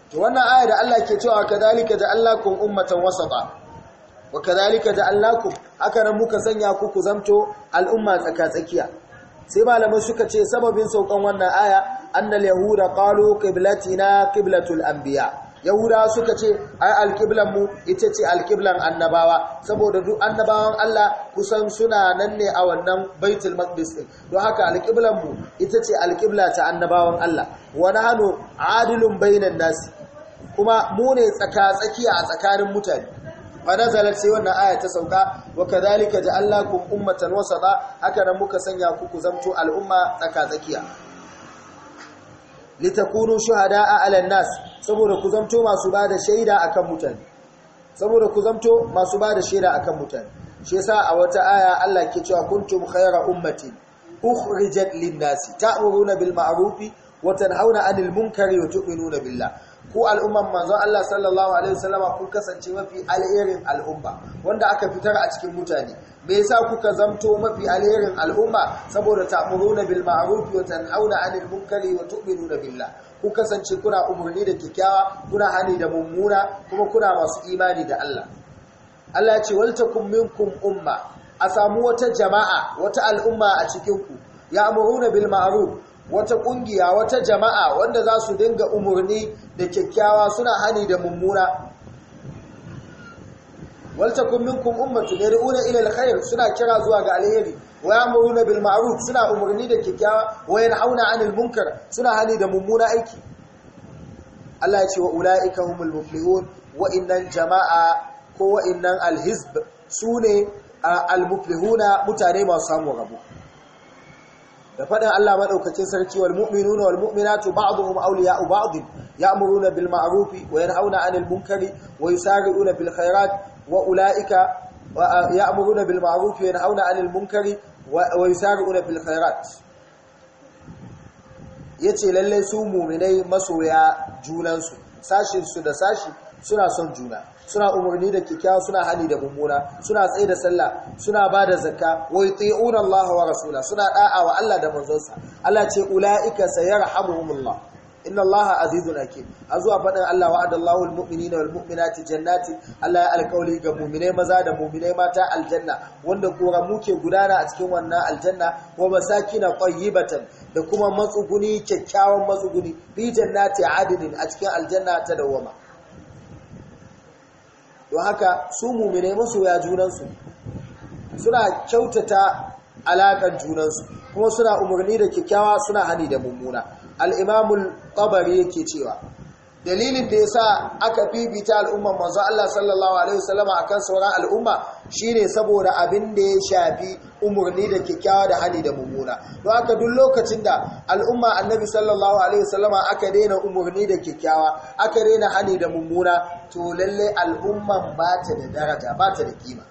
to wannan aya da Allah ke cewa kadhalika kun ummatan wasata wa kadhalika ja'alnakum haka nan muka sanya ku ku zamto al'umma tsakatsakiya sai malamai suka ce sababin saukan wannan aya annal yahuda qalu qiblatina qiblatul anbiya' yahuda suka ce ai alqiblan mu ita ce alƙiblan annabawa saboda duk annabawan Allah kusan suna nan ne a wannan baitul maqdis din don haka alqiblan mu ita ce alƙibla ta annabawan Allah wa nahnu adilun bainan nasi. kuma mu ne tsaka tsakiya a tsakanin mutane fanazalar sai wannan aya ta sauka wa kadhalika ja'alnakum ummatan wasata haka nan muka sanya ku ku zamto al'umma tsaka-tsakiya litakunu shuhada'a 'alan nas saboda ku zamto masu bada shaida akan mutane saboda ku zamto masu bada shaida akan mutane shi yasa a wata aya Allah ke cewa kuntum khayra ummatin ukhrijat lin-nasi ta'muruna bil ma'rufi wa tanhauna 'anil munkari wa tu'minuna billah ku al'umman manzon Allah sallallahu alaihi wasallama kun kasance mafi alherin al'umma wanda aka fitar a cikin mutane me yasa kuka zamto mafi alherin al'umma saboda ta'muruna bil ma'ruf wa tanhauna 'anil munkari wa tu'minuna billah ku kasance kuna umurni da kikkiawa kuna hani da mummuna kuma kuna masu imani da Allah Allah ya ce wal takum minkum umma a samu wata jama'a wata al'umma a cikin ku ya'muruna bil ma'ruf wata kungiya wata jama'a wanda za su dinga umurni da kyakkyawa suna hani da mummuna waltakum minkum ummatun yad'una ila alkhair suna kira zuwa ga alheri wa ya'muruna bil ma'ruf suna umurni da kyakkyawa wa yanhauna 'anil munkar suna hani da mummuna aiki Allah ya ce wa ulaika humul muflihun wa innan jama'a ko wa innan alhizb sune al muflihuna mutane masu samu rabo da faɗin Allah maɗaukacin sarki wal mu'minuna wal mu'minatu ba'dhum awliya'u ba'd ya'muruna bil ma'rufi wa yanhauna 'anil munkari wa yusari'una bil khairat wa ulaika ya'muruna bil ma'rufi wa yanhauna 'anil munkari wa yusari'una bil khairat yace lalle su mu'minai masoya junansu sashin su da sashi suna son juna suna umarni da kyakkyawa, suna hali da mummuna suna tsaye da sallah suna ba da zakka wai yuti'una Allah wa rasula suna ɗa'a wa Allah da manzonsa Allah ce ulaika sayarhamuhumullah inna Allah azizun hakim a zuwa faɗin Allah wa'adallahu almu'minina walmu'minati jannati Allah ya alƙawli ga mu'minai maza da mu'minai mata aljanna wanda kora muke gudana a cikin wannan aljanna wa masakina batan, da kuma matsuguni kyakkyawan matsuguni bi jannati a adinin a cikin aljanna ta dawwama don haka su mumine masoya junansu suna kyautata alaƙar junansu kuma suna umarni da kyakkyawa suna hani da mummuna al'imamul ƙabari yake cewa dalilin da ya sa aka fifita al'umman manzo Allah sallallahu alaihi wasallama akan sauran al'umma shi ne saboda abin da ya shafi umarni da kyakkyawa da hali da mummuna don aka duk lokacin da al'umma annabi sallallahu alaihi wasallama aka daina umarni da kyakkyawa, aka daina hali da mummuna to lalle al'umman ba ta da daraja ba ta da kima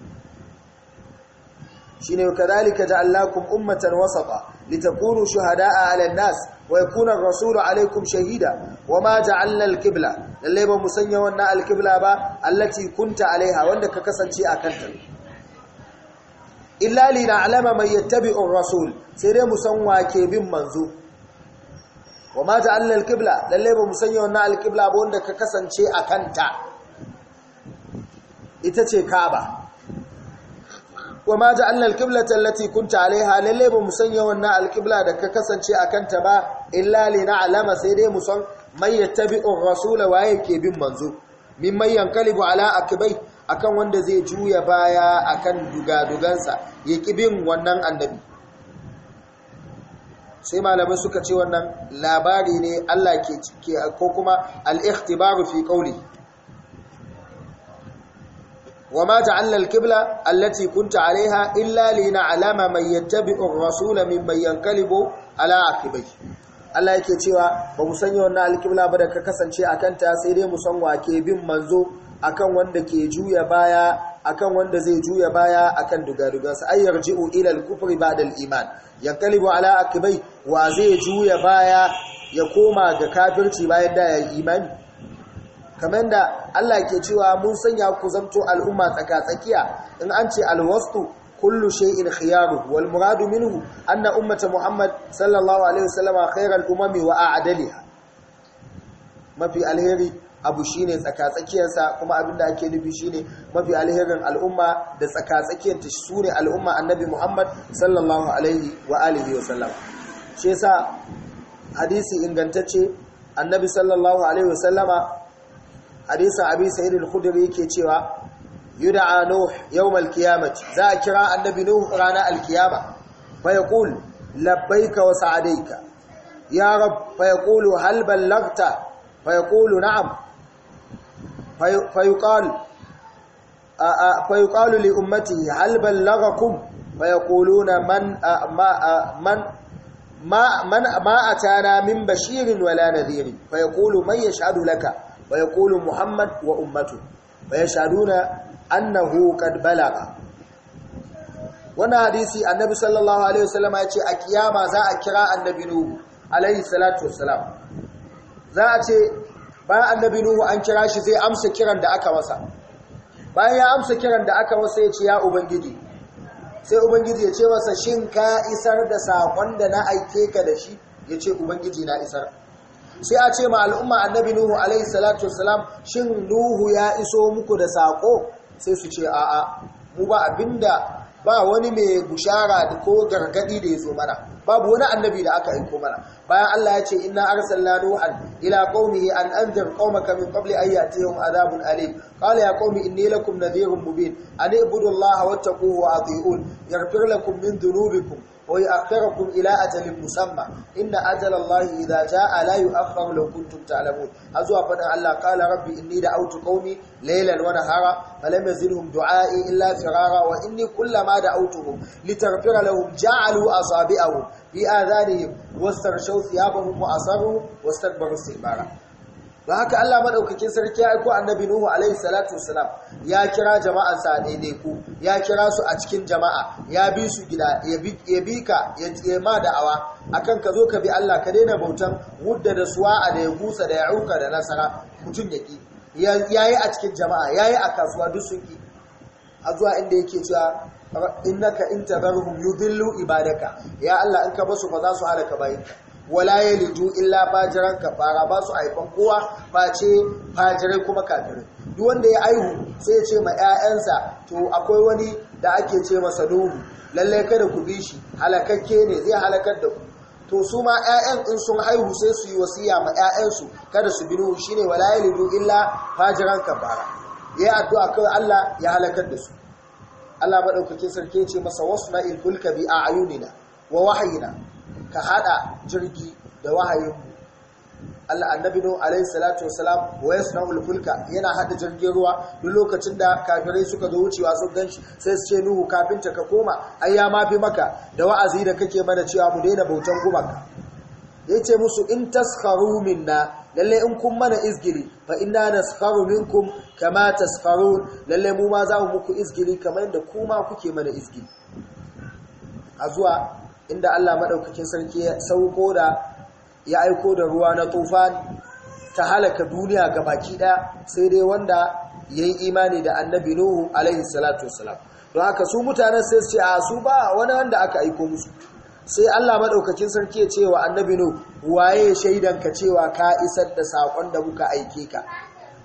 shine kadalika ja'alnakum ummatan wasata litakunu shuhada'a 'alan nas wa yakuna rasulu alaikum shahida wa ma ja'alna al-qibla lalle ba musanya wannan al-qibla ba allati kunta alaiha wanda ka kasance a kanta illa li na'lama man yattabi'u ar-rasul sai dai musan wake bin manzo wa ma ja'alna al-qibla lalle ba musanya wannan al-qibla ba wanda ka kasance a kanta ita ce kaaba wa ma ja'alna al-qiblata allati kunta alaiha lalle ba mu sanya wannan al-qibla da ka kasance akan ta ba illa li na'lama sai dai mu san man yattabi'ur rasula wa yake bin manzo min man yankalibu ala akbai akan wanda zai juya baya akan dugadugansa ya bin wannan annabi sai malamai suka ce wannan labari ne Allah ke ko kuma al-ikhtibaru fi qawli wa ma ta'alla al-qibla allati kunta 'alayha illa li na'lama man yattabi'u ar-rasula Allah yake cewa ba mu sanya wannan alƙibla ba da ka kasance a kanta sai dai mu san wake bin manzo akan wanda ke juya baya akan wanda zai juya baya akan dugadugansa ay yarji'u ila al-kufri ba'da al-iman yanqalibu ala akibai wa zai juya baya ya koma ga kafirci bayan da ya imani kamar da Allah ke cewa mun sanya ku zanto al'umma tsaka-tsakiya in an ce alwastu kullu shay'in khiyaru wal muradu minhu anna ummata muhammad sallallahu alaihi wasallam khairal umami wa a'daliha mafi alheri abu shine tsakatsakiyarsa kuma abinda ake nufi shine mafi alherin al'umma da tsakatsakiyarta sune al'umma annabi muhammad sallallahu alaihi wa alihi wasallam shi yasa hadisi ingantacce annabi sallallahu alaihi wasallama hadisin abi sa'id al-khudri yake cewa yud'a nuh yawm al-qiyamati za a kira annabi nuh ranar Alkiyama. qiyama fa yaqul labbaika wa sa'adaika ya rab fa yaqulu hal ballaghta fa yaqulu na'am fa yuqal fa yuqalu li ummati hal ballaghakum fa yaquluna man ma man ما من ما اتانا من بشير ولا نذير فيقول من Muhammad wa ummatu. محمد وامته ويشهدون annahu qad balaga wannan hadisi annabi sallallahu alaihi wasallam ya ce a kiyama za a kira annabi nuhu alaihi salatu wassalam za a ce bayan annabi nuhu an kira shi zai amsa kiran da aka masa bayan ya amsa kiran da aka masa ya ce ya ubangiji sai ubangiji ya ce masa shin ka isar da sakon da na aike ka da shi ya ce ubangiji na isar sai a ce ma al'umma annabi nuhu alaihi salatu wassalam shin nuhu ya iso muku da sako sai su ce a'a mu ba abinda ba wani mai bushara ko gargadi da ya zo mana babu wani annabi da aka aiko mana bayan Allah ya ce inna arsalna nuhan ila qaumihi an anzir qaumaka min qabli an ya'tiyahum alim qala ya qaumi inni lakum nadhirun mubin an ibudu allaha wattaquhu wa ati'un yaghfir lakum min dhunubikum wa kum ila ajalin musamma inna ajalallahi idza jaa la yu'akhkharu law kuntum ta'lamun zuwa fadan Allah qala rabbi inni da'awtu qaumi laylan wa nahara falam yazidhum du'a'i illa firara wa inni kullama da'awtuhum litaghfira lahum ja'alu asabi'ahum fi adhanihim wastarshaw thiyabahum wa asarru wastakbaru istikbara don haka Allah maɗaukakin sarki ya aiko annabi Nuhu alaihi salatu wasalam ya kira jama'an sa daidai ku ya kira su a cikin jama'a ya bi su gida ya bi ka ya ma da awa akan ka zo ka bi Allah ka daina bautan mudda da a da ya gusa da ya auka da nasara mutum ya ki yi a cikin jama'a Ya yi a kasuwa duk sun ki a zuwa inda yake cewa innaka intadarhum yudillu ibadaka ya Allah in ka basu ba za su halaka bayinka wala yalidu illa fajiran kafara ba su haifan kowa face fajirai kuma kafirai duk wanda ya aihu sai ya ce ma 'ya'yansa to akwai wani da ake ce masa nuhu Lallai kada ku bi shi halakakke ne zai halakar da ku to su ma 'ya'yan in sun haihu sai su yi wasiya ma 'ya'yansu kada su bi nuhu shine wala yalidu illa fajiran kafara yi addu'a kawai Allah ya halakar da su Allah madaukakin sarki ce masa wasna'il kulka bi a'yunina wa wahayina ka haɗa jirgi da mu Allah annabi no alayhi salatu wasalam wa yasna'ul fulka yana hada jirgin ruwa duk lokacin da kafirai suka zo wucewa sun ganshi sai su ce nuhu Kafinta ka koma ai ya mafi maka da wa'azi da kake mana cewa mu daina bautan gumaka yace musu in taskharu minna lalle in kun mana izgiri fa inna naskharu minkum kama taskharun lalle mu ma za mu muku izgiri kamar da kuma kuke mana izgiri a zuwa inda Allah maɗaukakin sarki ya sauko da ya aiko da ruwa na tufan ta halaka duniya ga baki ɗaya sai dai wanda ya yi imani da annabi nuhu alaihi salatu wasalam don haka su mutanen sai ce a su ba wani wanda aka aiko musu sai Allah maɗaukakin sarki ya ce wa annabi nuhu waye shaidanka cewa ka isar da saƙon da muka aike ka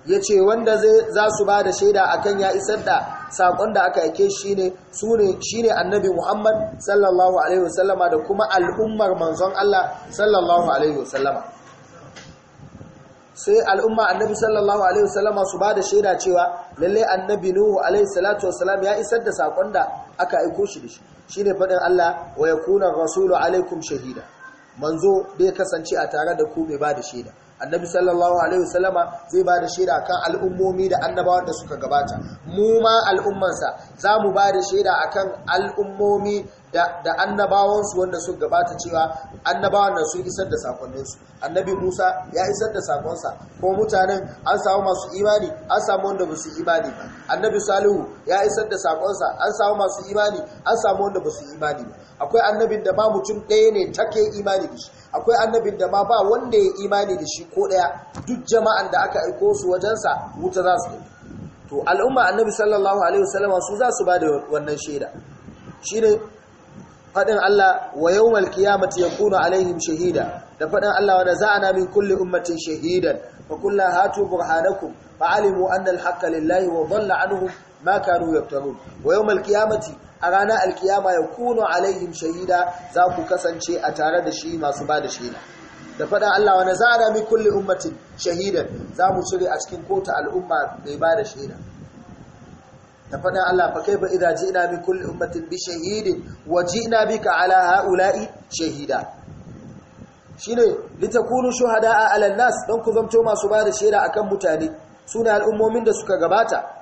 ya ce wanda za su ba da shaida akan ya isar da saƙon da aka aike shi ne shi ne annabi muhammad sallallahu alaihi wasallama da kuma al'ummar manzon allah sallallahu alaihi wasallama sai al'umma annabi sallallahu alaihi wasallama su ba da shaida cewa lalle annabi nuhu alaihi salatu wasallam ya isar da saƙon da aka aiko shi da shi shine faɗin allah wa kuna rasulu alaikum shahida manzo bai kasance a tare da ku mai ba da shaida annabi sallallahu alaihi wasallama zai ba da shaida akan al'ummomi da annabawan da suka gabata mu ma al'ummansa za mu ba da shaida akan al'ummomi da annabawansu wanda suka gabata cewa annabawan nan sun isar da sakonninsu annabi musa ya isar da sakonsa ko mutanen an samu masu imani an samu wanda ba su imani ba annabi salihu ya isar da sakonsa an samu masu imani an samu wanda ba su imani ba akwai annabin da ba mutum ɗaya ne take imani da shi akwai annabin da ma ba wanda ya imani da shi ko daya duk jama'an da aka aiko su wajensa wuta za su to al'umma annabi sallallahu alaihi wasallam su za su bada wannan shaida shine fadin Allah wa yawmal qiyamati yakunu alaihim shahida da fadin Allah wanda za a min kulli ummatin shahidan wa kullu hatu burhanakum fa'alimu anna al-haqqa lillahi wa dhalla anhum ma kanu yaftarun wa yawmal qiyamati a ranar alkiyama ya kuno alaihim shahida za ku kasance a tare da shi masu ba da shaida da faɗin Allah wani za a rami kulle ummatin shahidan za mu cire a cikin kota al'umma mai ba da shaida da faɗin Allah fa kai ba idan ji ina min kulle ummatin bi shahidin wa ji ina bika ka ala ha'ula'i shahida shi ne litakunu shuhada a alannas don ku zamto masu ba da shaida akan mutane suna al'ummomin da suka gabata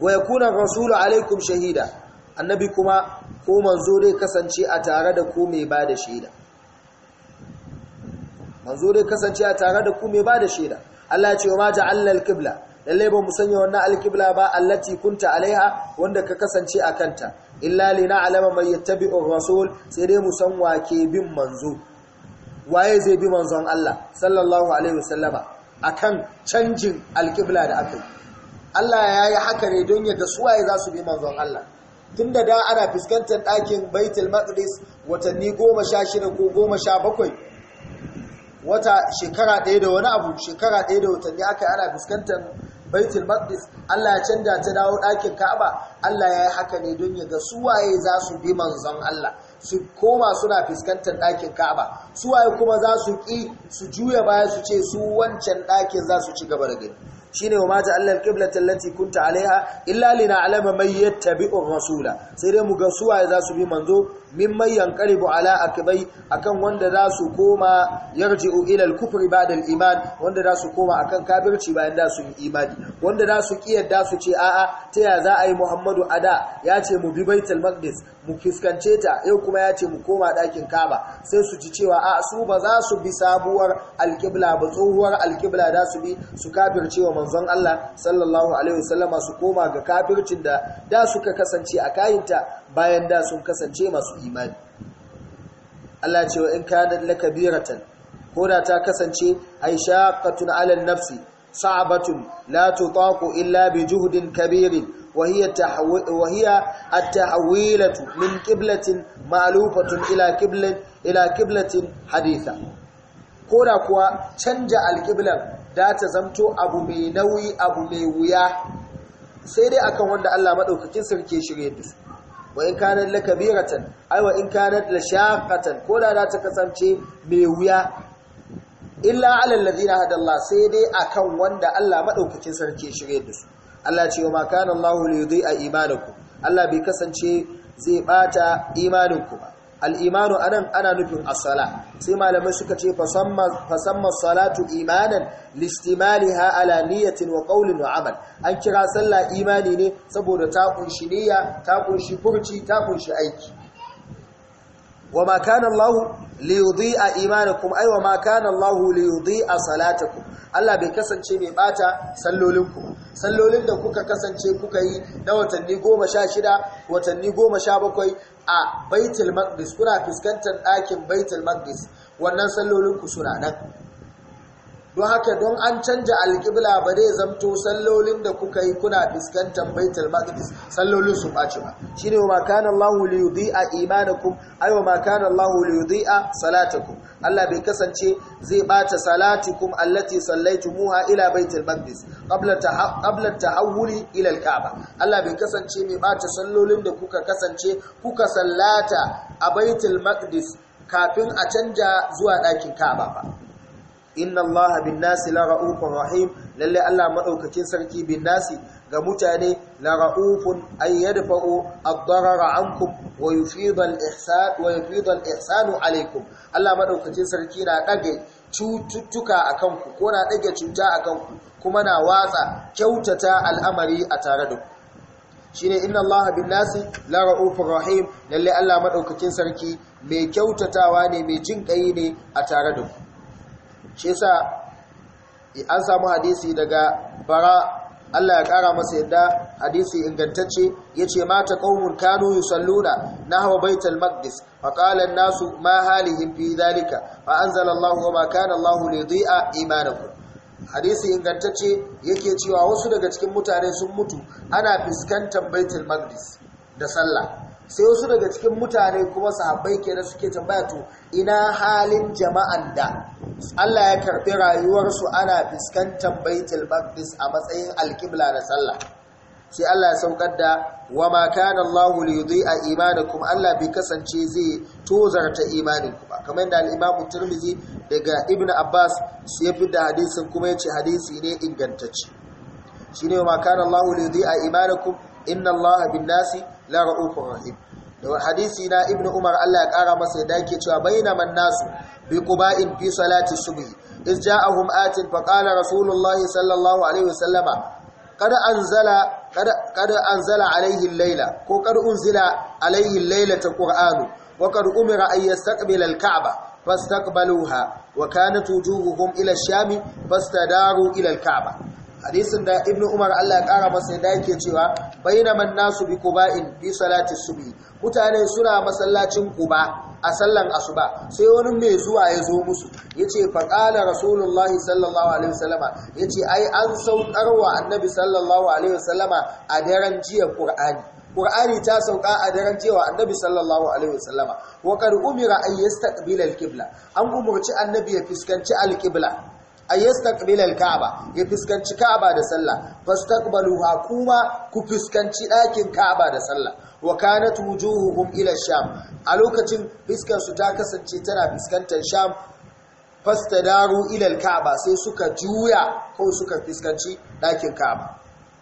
wa yakuna rasulu alaikum shahida annabi kuma ko manzo dai kasance a tare da ku mai bada shaida manzo dai kasance a tare da ku mai bada shaida Allah ya ce wa ma ja'alna al-qibla lalle ba mu sanya wannan al-qibla ba allati kunta alaiha wanda ka kasance a kanta illa lina alama mai yattabi'u rasul sai dai mu san wake bin manzo waye zai bi manzon Allah sallallahu alaihi wasallama akan canjin al-qibla da aka yi Allah ya yi haka ne don yadda suwaye za su bi manzon Allah tun da da ana fuskantar ɗakin baitul maqdis watanni goma sha shida ko goma sha bakwai wata shekara ɗaya da wani abu shekara ɗaya da watanni aka ana fuskantar baitul maqdis Allah ya canja ta dawo ɗakin ka'aba Allah ya yi haka ne don yadda suwaye za su bi manzon Allah su koma suna fuskantar ɗakin ka'aba suwaye kuma za su ƙi su juya baya su ce su wancan ɗakin za su ci gaba da gani shine wa ma ja'alna al-qiblata allati kunta alaiha illa lina'lama man yattabi'u rasula sai dai mu ga suwaye za su bi manzo mimman Yankari ala akbai akan wanda za su koma yarji'u ila al-kufri ba'da al-iman wanda za su koma akan kafirci bayan da su imani wanda za su kiyarda su ce a'a ta ya za a yi Muhammadu ada ya ce mu bi Baitul Maqdis mu fuskance ta yau kuma ya ce mu koma dakin Kaba, sai su ci cewa a su ba za su bi sabuwar alkibla ba tsohuwar alkibla da su bi su wa manzon Allah sallallahu alaihi wasallama su koma ga kafircin da da suka kasance a kayinta bayan da sun kasance masu imani Allah ce wa in Kabiratan, ko koda ta kasance Aisha katun 'ala nafsi sa'abatun la tutaqu illa bi juhdin kabirin وهي وهي التحويلة Min, قبلة مألوفة Ila, قبلة إلى قبلة حديثة كورا kuwa canja alqiblan da ta zamto abu mai nauyi abu mai wuya sai dai akan wanda Allah madaukakin sarki shirye da su wa in kanat la kabiratan ay in la shaqatan ko da za ta kasance mai wuya illa ala alladhina hada Allah sai dai akan wanda Allah madaukakin sarki ya shirye da su Allah ce wa ma kana Allah li yudhi'a imaninku.' Allah bai kasance zai ɓata imaninku ba al'imanu anan ana nufin asala sai malamai suka ce fasamma salatu imanan ha ala niyatin wa qawlin wa amal an kira sallah imani ne saboda ta kunshi niyya ta kunshi furci ta kunshi aiki wa ma kana Allah a yudhi'a imanakum ay wa ma kana Allah li yudhi'a salatakum Allah bai kasance mai bata sallolinku sallolin da kuka kasance kuka yi na watanni sha shida, watanni goma sha bakwai. a baitul maqdis kuna fuskantar ɗakin baitul maqdis wannan sallolin ku suna nan don haka don an canja alƙibla ba zai zamto sallolin da kuka yi kuna fuskantar baitul maqdis sallolin su ɓaci ba shine wa ma kana Allahu li yudhi'a imanakum ay wa ma kana Allahu li yudhi'a salatakum Allah bai kasance zai bata salatukum allati sallaitumuha ila baitul maqdis qabla qabla tahawuli ila alkaaba Allah bai kasance mai bata sallolin da kuka kasance kuka sallata a baitul maqdis kafin a canja zuwa ɗakin ka'aba ba inna allaha bin nasi la ra'ufur rahim lalle Allah madaukakin sarki bin nasi ga mutane la ra'ufun ay yadfa'u ad-darara ankum wa yufida al-ihsan wa yufida al-ihsanu alaykum Allah madaukakin sarki na dage cututtuka akan ku ko na dage cuta akan ku kuma na watsa kyautata al'amari a tare da ku shine inna Allah bin nasi la ra'ufur rahim lalle Allah madaukakin sarki mai kyautatawa ne mai jin kai ne a tare da ku shi yasa an samu hadisi daga bara Allah ya kara masa yadda hadisi ingantacce yace mata qaumun kanu yusalluna nahwa baitul maqdis fa qala an-nasu ma halihim fi dhalika fa anzala Allahu wa ma kana Allahu lidhi'a imanakum hadisi ingantacce yake cewa wasu daga cikin mutane sun mutu ana fiskantar baitul maqdis da sallah sai wasu daga cikin mutane kuma sahabbai kenan suke tambaya to ina halin jama'an da Allah ya karɓi rayuwarsu ana fuskantar baitul maqdis a matsayin alqibla na sallah sai Allah ya saukar da wa ma kana Allahu li yudhi'a imanakum Allah bai kasance zai tozarta imaninku ba kamar da al-Imam Tirmidhi daga Ibn Abbas sai ya fi da hadisin kuma yace hadisi ne ingantacce shine wa ma kana Allahu li yudhi'a imanakum inna Allaha bin nasi la ra'ufur rahim da hadisi na ibnu umar Allah ya kara masa yadda yake cewa bainaman nasu bi quba'in fi salati subh iz ja'ahum atin fa qala rasulullah sallallahu alaihi wasallama qad anzala qad anzala alaihi al-laila ko qad unzila alaihi al-lailata qur'anu wa qad umira an yastaqbila al-ka'ba فاستقبلوها وكانت وجوههم إلى الشام فاستداروا إلى Ka'aba. hadisin da ibnu umar Allah ya kara masa da yake cewa bainaman nasu bi quba'in bi salati subhi mutane suna masallacin kuba a sallan asuba sai wani mai zuwa ya zo musu yace fa qala rasulullahi sallallahu alaihi wasallama yace ai an saukarwa annabi sallallahu alaihi wasallama a daren jiya qur'ani Qur'ani ta sauka a daren cewa Annabi sallallahu alaihi wasallama wa qad umira an yastaqbila al-qibla an umurci Annabi ya fuskanci al a yastaqbilal ka'aba ya fuskanci ka'aba da sallah ha kuma ku fuskanci ɗakin ka'aba da sallah wa kanat wujuhuhum ila sham a lokacin fuskar su ta kasance tana fuskantar sham fastadaru ilar ka'aba sai suka juya ko suka fuskanci ɗakin ka'aba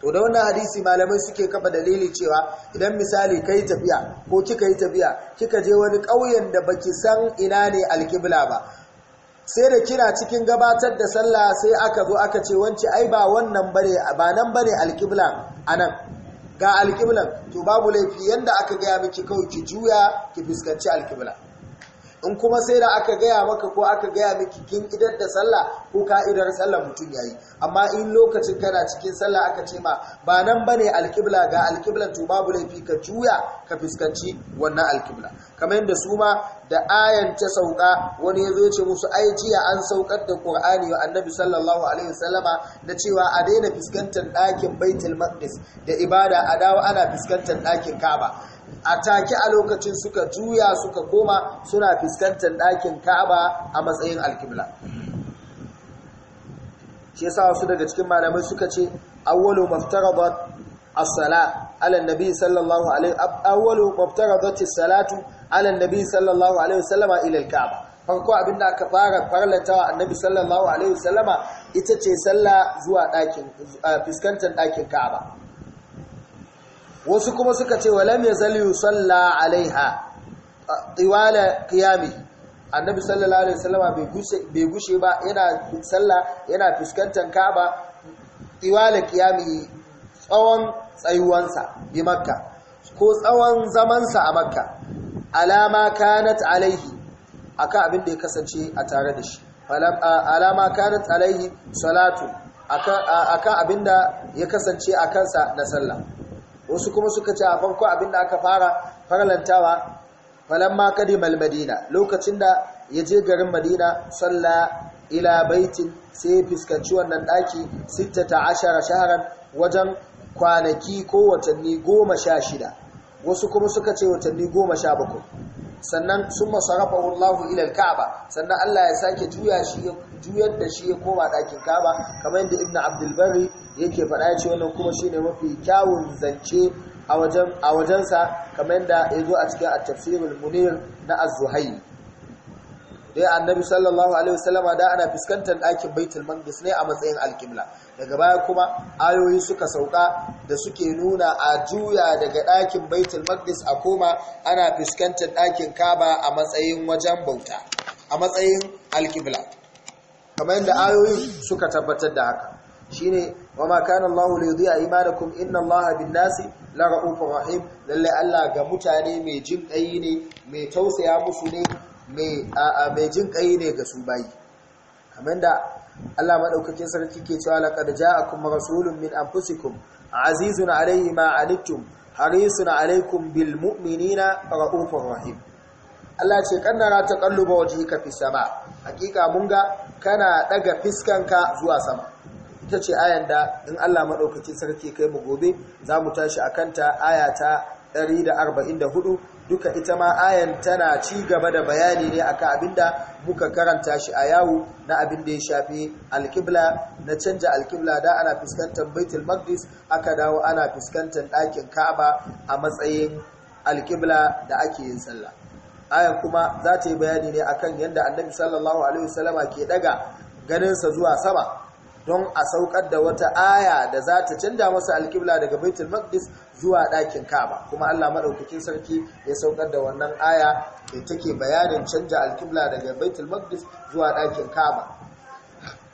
to da wannan hadisi malamai suke kafa dalili cewa idan misali kai tafiya ko kika yi tafiya kika je wani ƙauyen da baki san ina ne alkibla ba sai da kira cikin gabatar da sallah sai aka zo aka ce wance ai ba wannan bane ba nan bane alqibla anan ga alqiblan to babu laifi yadda aka gaya miki kawai ki juya ki fuskanci alqibla in kuma sai da aka gaya maka ko aka gaya miki kin idar da sallah ko ka idar sallah mutum yayi amma in lokacin kana cikin sallah aka ce ma ba nan bane alqibla ga alqibla to babu laifi ka juya ka fuskanci wannan alqibla kamar yadda su ma da ayan ta sauka wani yazo ya ce musu ai jiya an saukar da qur'ani wa annabi sallallahu alaihi wasallama na cewa a daina fuskantar ɗakin baitul maqdis da ibada a dawo ana fuskantar ɗakin kaaba a take a lokacin suka juya suka koma suna fuskantar ɗakin ka'aba a matsayin alkimla shi yasa wasu daga cikin malamai suka ce awwalu maftaradat as-sala ala nabi sallallahu alaihi awwalu maftaradat as-salatu ala nabi sallallahu alaihi wasallama ila al-ka'aba farko abinda aka fara farlantawa annabi sallallahu alaihi wasallama ita ce sallah zuwa ɗakin fiskantar ɗakin ka'aba wasu kuma suka ce wa lam yazal yusalla alaiha tiwala qiyami annabi sallallahu alaihi wasallama bai gushe ba yana salla yana fuskantar kaaba tiwala qiyami tsawon tsayuwansa bi makka ko tsawon zamansa a makka alama kanat alaihi akan abin da ya kasance a tare da shi alama kanat alaihi salatu akan abin da ya kasance a kansa na sallah wasu kuma suka ce a farko abin da aka fara farlantawa falamma kadimal madina lokacin da ya je garin madina salla ila baitin sai ya fuskanci wannan daki 16 shaharan wajen kwanaki ko watanni 16 wasu kuma suka ce watanni 17 sannan sun masarafa wallahu ilal ka'aba sannan Allah ya sake juyar da shi ya koma ɗakin ka'aba kamar yadda ibnu abdulbari yake faɗa ya ce wannan kuma shi ne mafi kyawun zance a wajensa kamar yadda ya zo a cikin a tafsirin munir na az dai eh, annabi sallallahu alaihi wasallam da ana fuskantar ɗakin baitul maqdis ne a matsayin alqibla daga baya kuma ayoyi suka sauka da suke nuna a juya daga ɗakin baitul maqdis a koma ana fuskantar ɗakin kaba a matsayin wajen bauta a matsayin alqibla kamar yadda ayoyi suka tabbatar da haka shine wa ma kana Allahu li yudhi'a imanakum inna Allaha bin-nasi la ra'ufur rahim lalle Allah ga mutane mai jin ɗayi ne mai tausaya musu ne mai jin kai ne ga su bayi kamar da Allah maɗaukakin sarki ke cewa laqad kuma rasulun min anfusikum azizun alayhi ma Harisu na alaykum bil mu'minina ra'ufur rahim Allah ce kannara ta kalluba ka fi sama hakika mun ga kana daga fiskanka zuwa sama ita ce ayan da in Allah maɗaukakin sarki kai mu gobe za mu tashi a kanta aya ta 144 duka ita ma ayan tana ci gaba da bayani ne akan abinda muka karanta shi a yawo na abin da ya shafi alkibla na canja alkibla da ana fuskantar baitul maqdis aka dawo ana fuskantar ɗakin ka'aba a matsayin alkibla da ake yin sallah ayan kuma za ta yi bayani ne akan yadda annabi sallallahu alaihi wasallama ke daga ganinsa zuwa sama don a saukar da wata aya da za ta canja masa alkibla daga baitul maqdis zuwa ɗakin kaba kuma Allah madaukakin sarki ya saukar da wannan aya da take bayanin canja alkibla daga baitul maqdis zuwa ɗakin kaba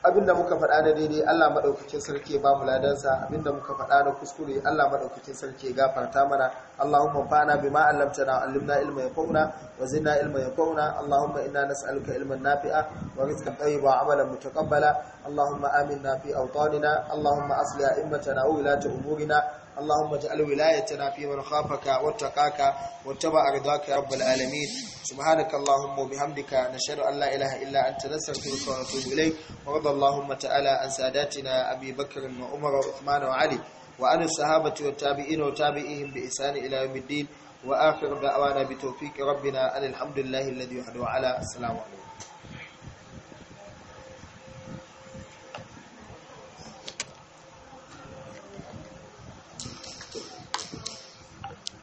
abinda muka faɗa na daidai Allah madaukakin sarki ya bamu ladansa abinda muka faɗa na kuskure Allah madaukakin sarki ya gafarta mana Allahumma fa'ana bima 'allamtana wa 'allimna ilma yanfa'una wa zidna ilma yanfa'una Allahumma inna nas'aluka ilman nafi'a wa rizqan tayyiba wa 'amalan mutaqabbala Allahumma aminna fi awtanina Allahumma aslih a'immatana wa ulata umurina اللهم اجعل ولايتنا في من خافك واتقاك واتبع رضاك يا رب العالمين سبحانك اللهم وبحمدك نشهد ان لا اله الا انت نستغفرك ونتوب اليك وارض اللهم تعالى عن ساداتنا ابي بكر وعمر وعثمان وعلي وعن الصحابه والتابعين وتابعيهم باحسان الى يوم الدين واخر دعوانا بتوفيق ربنا ان الحمد لله الذي وحده على السلام عليكم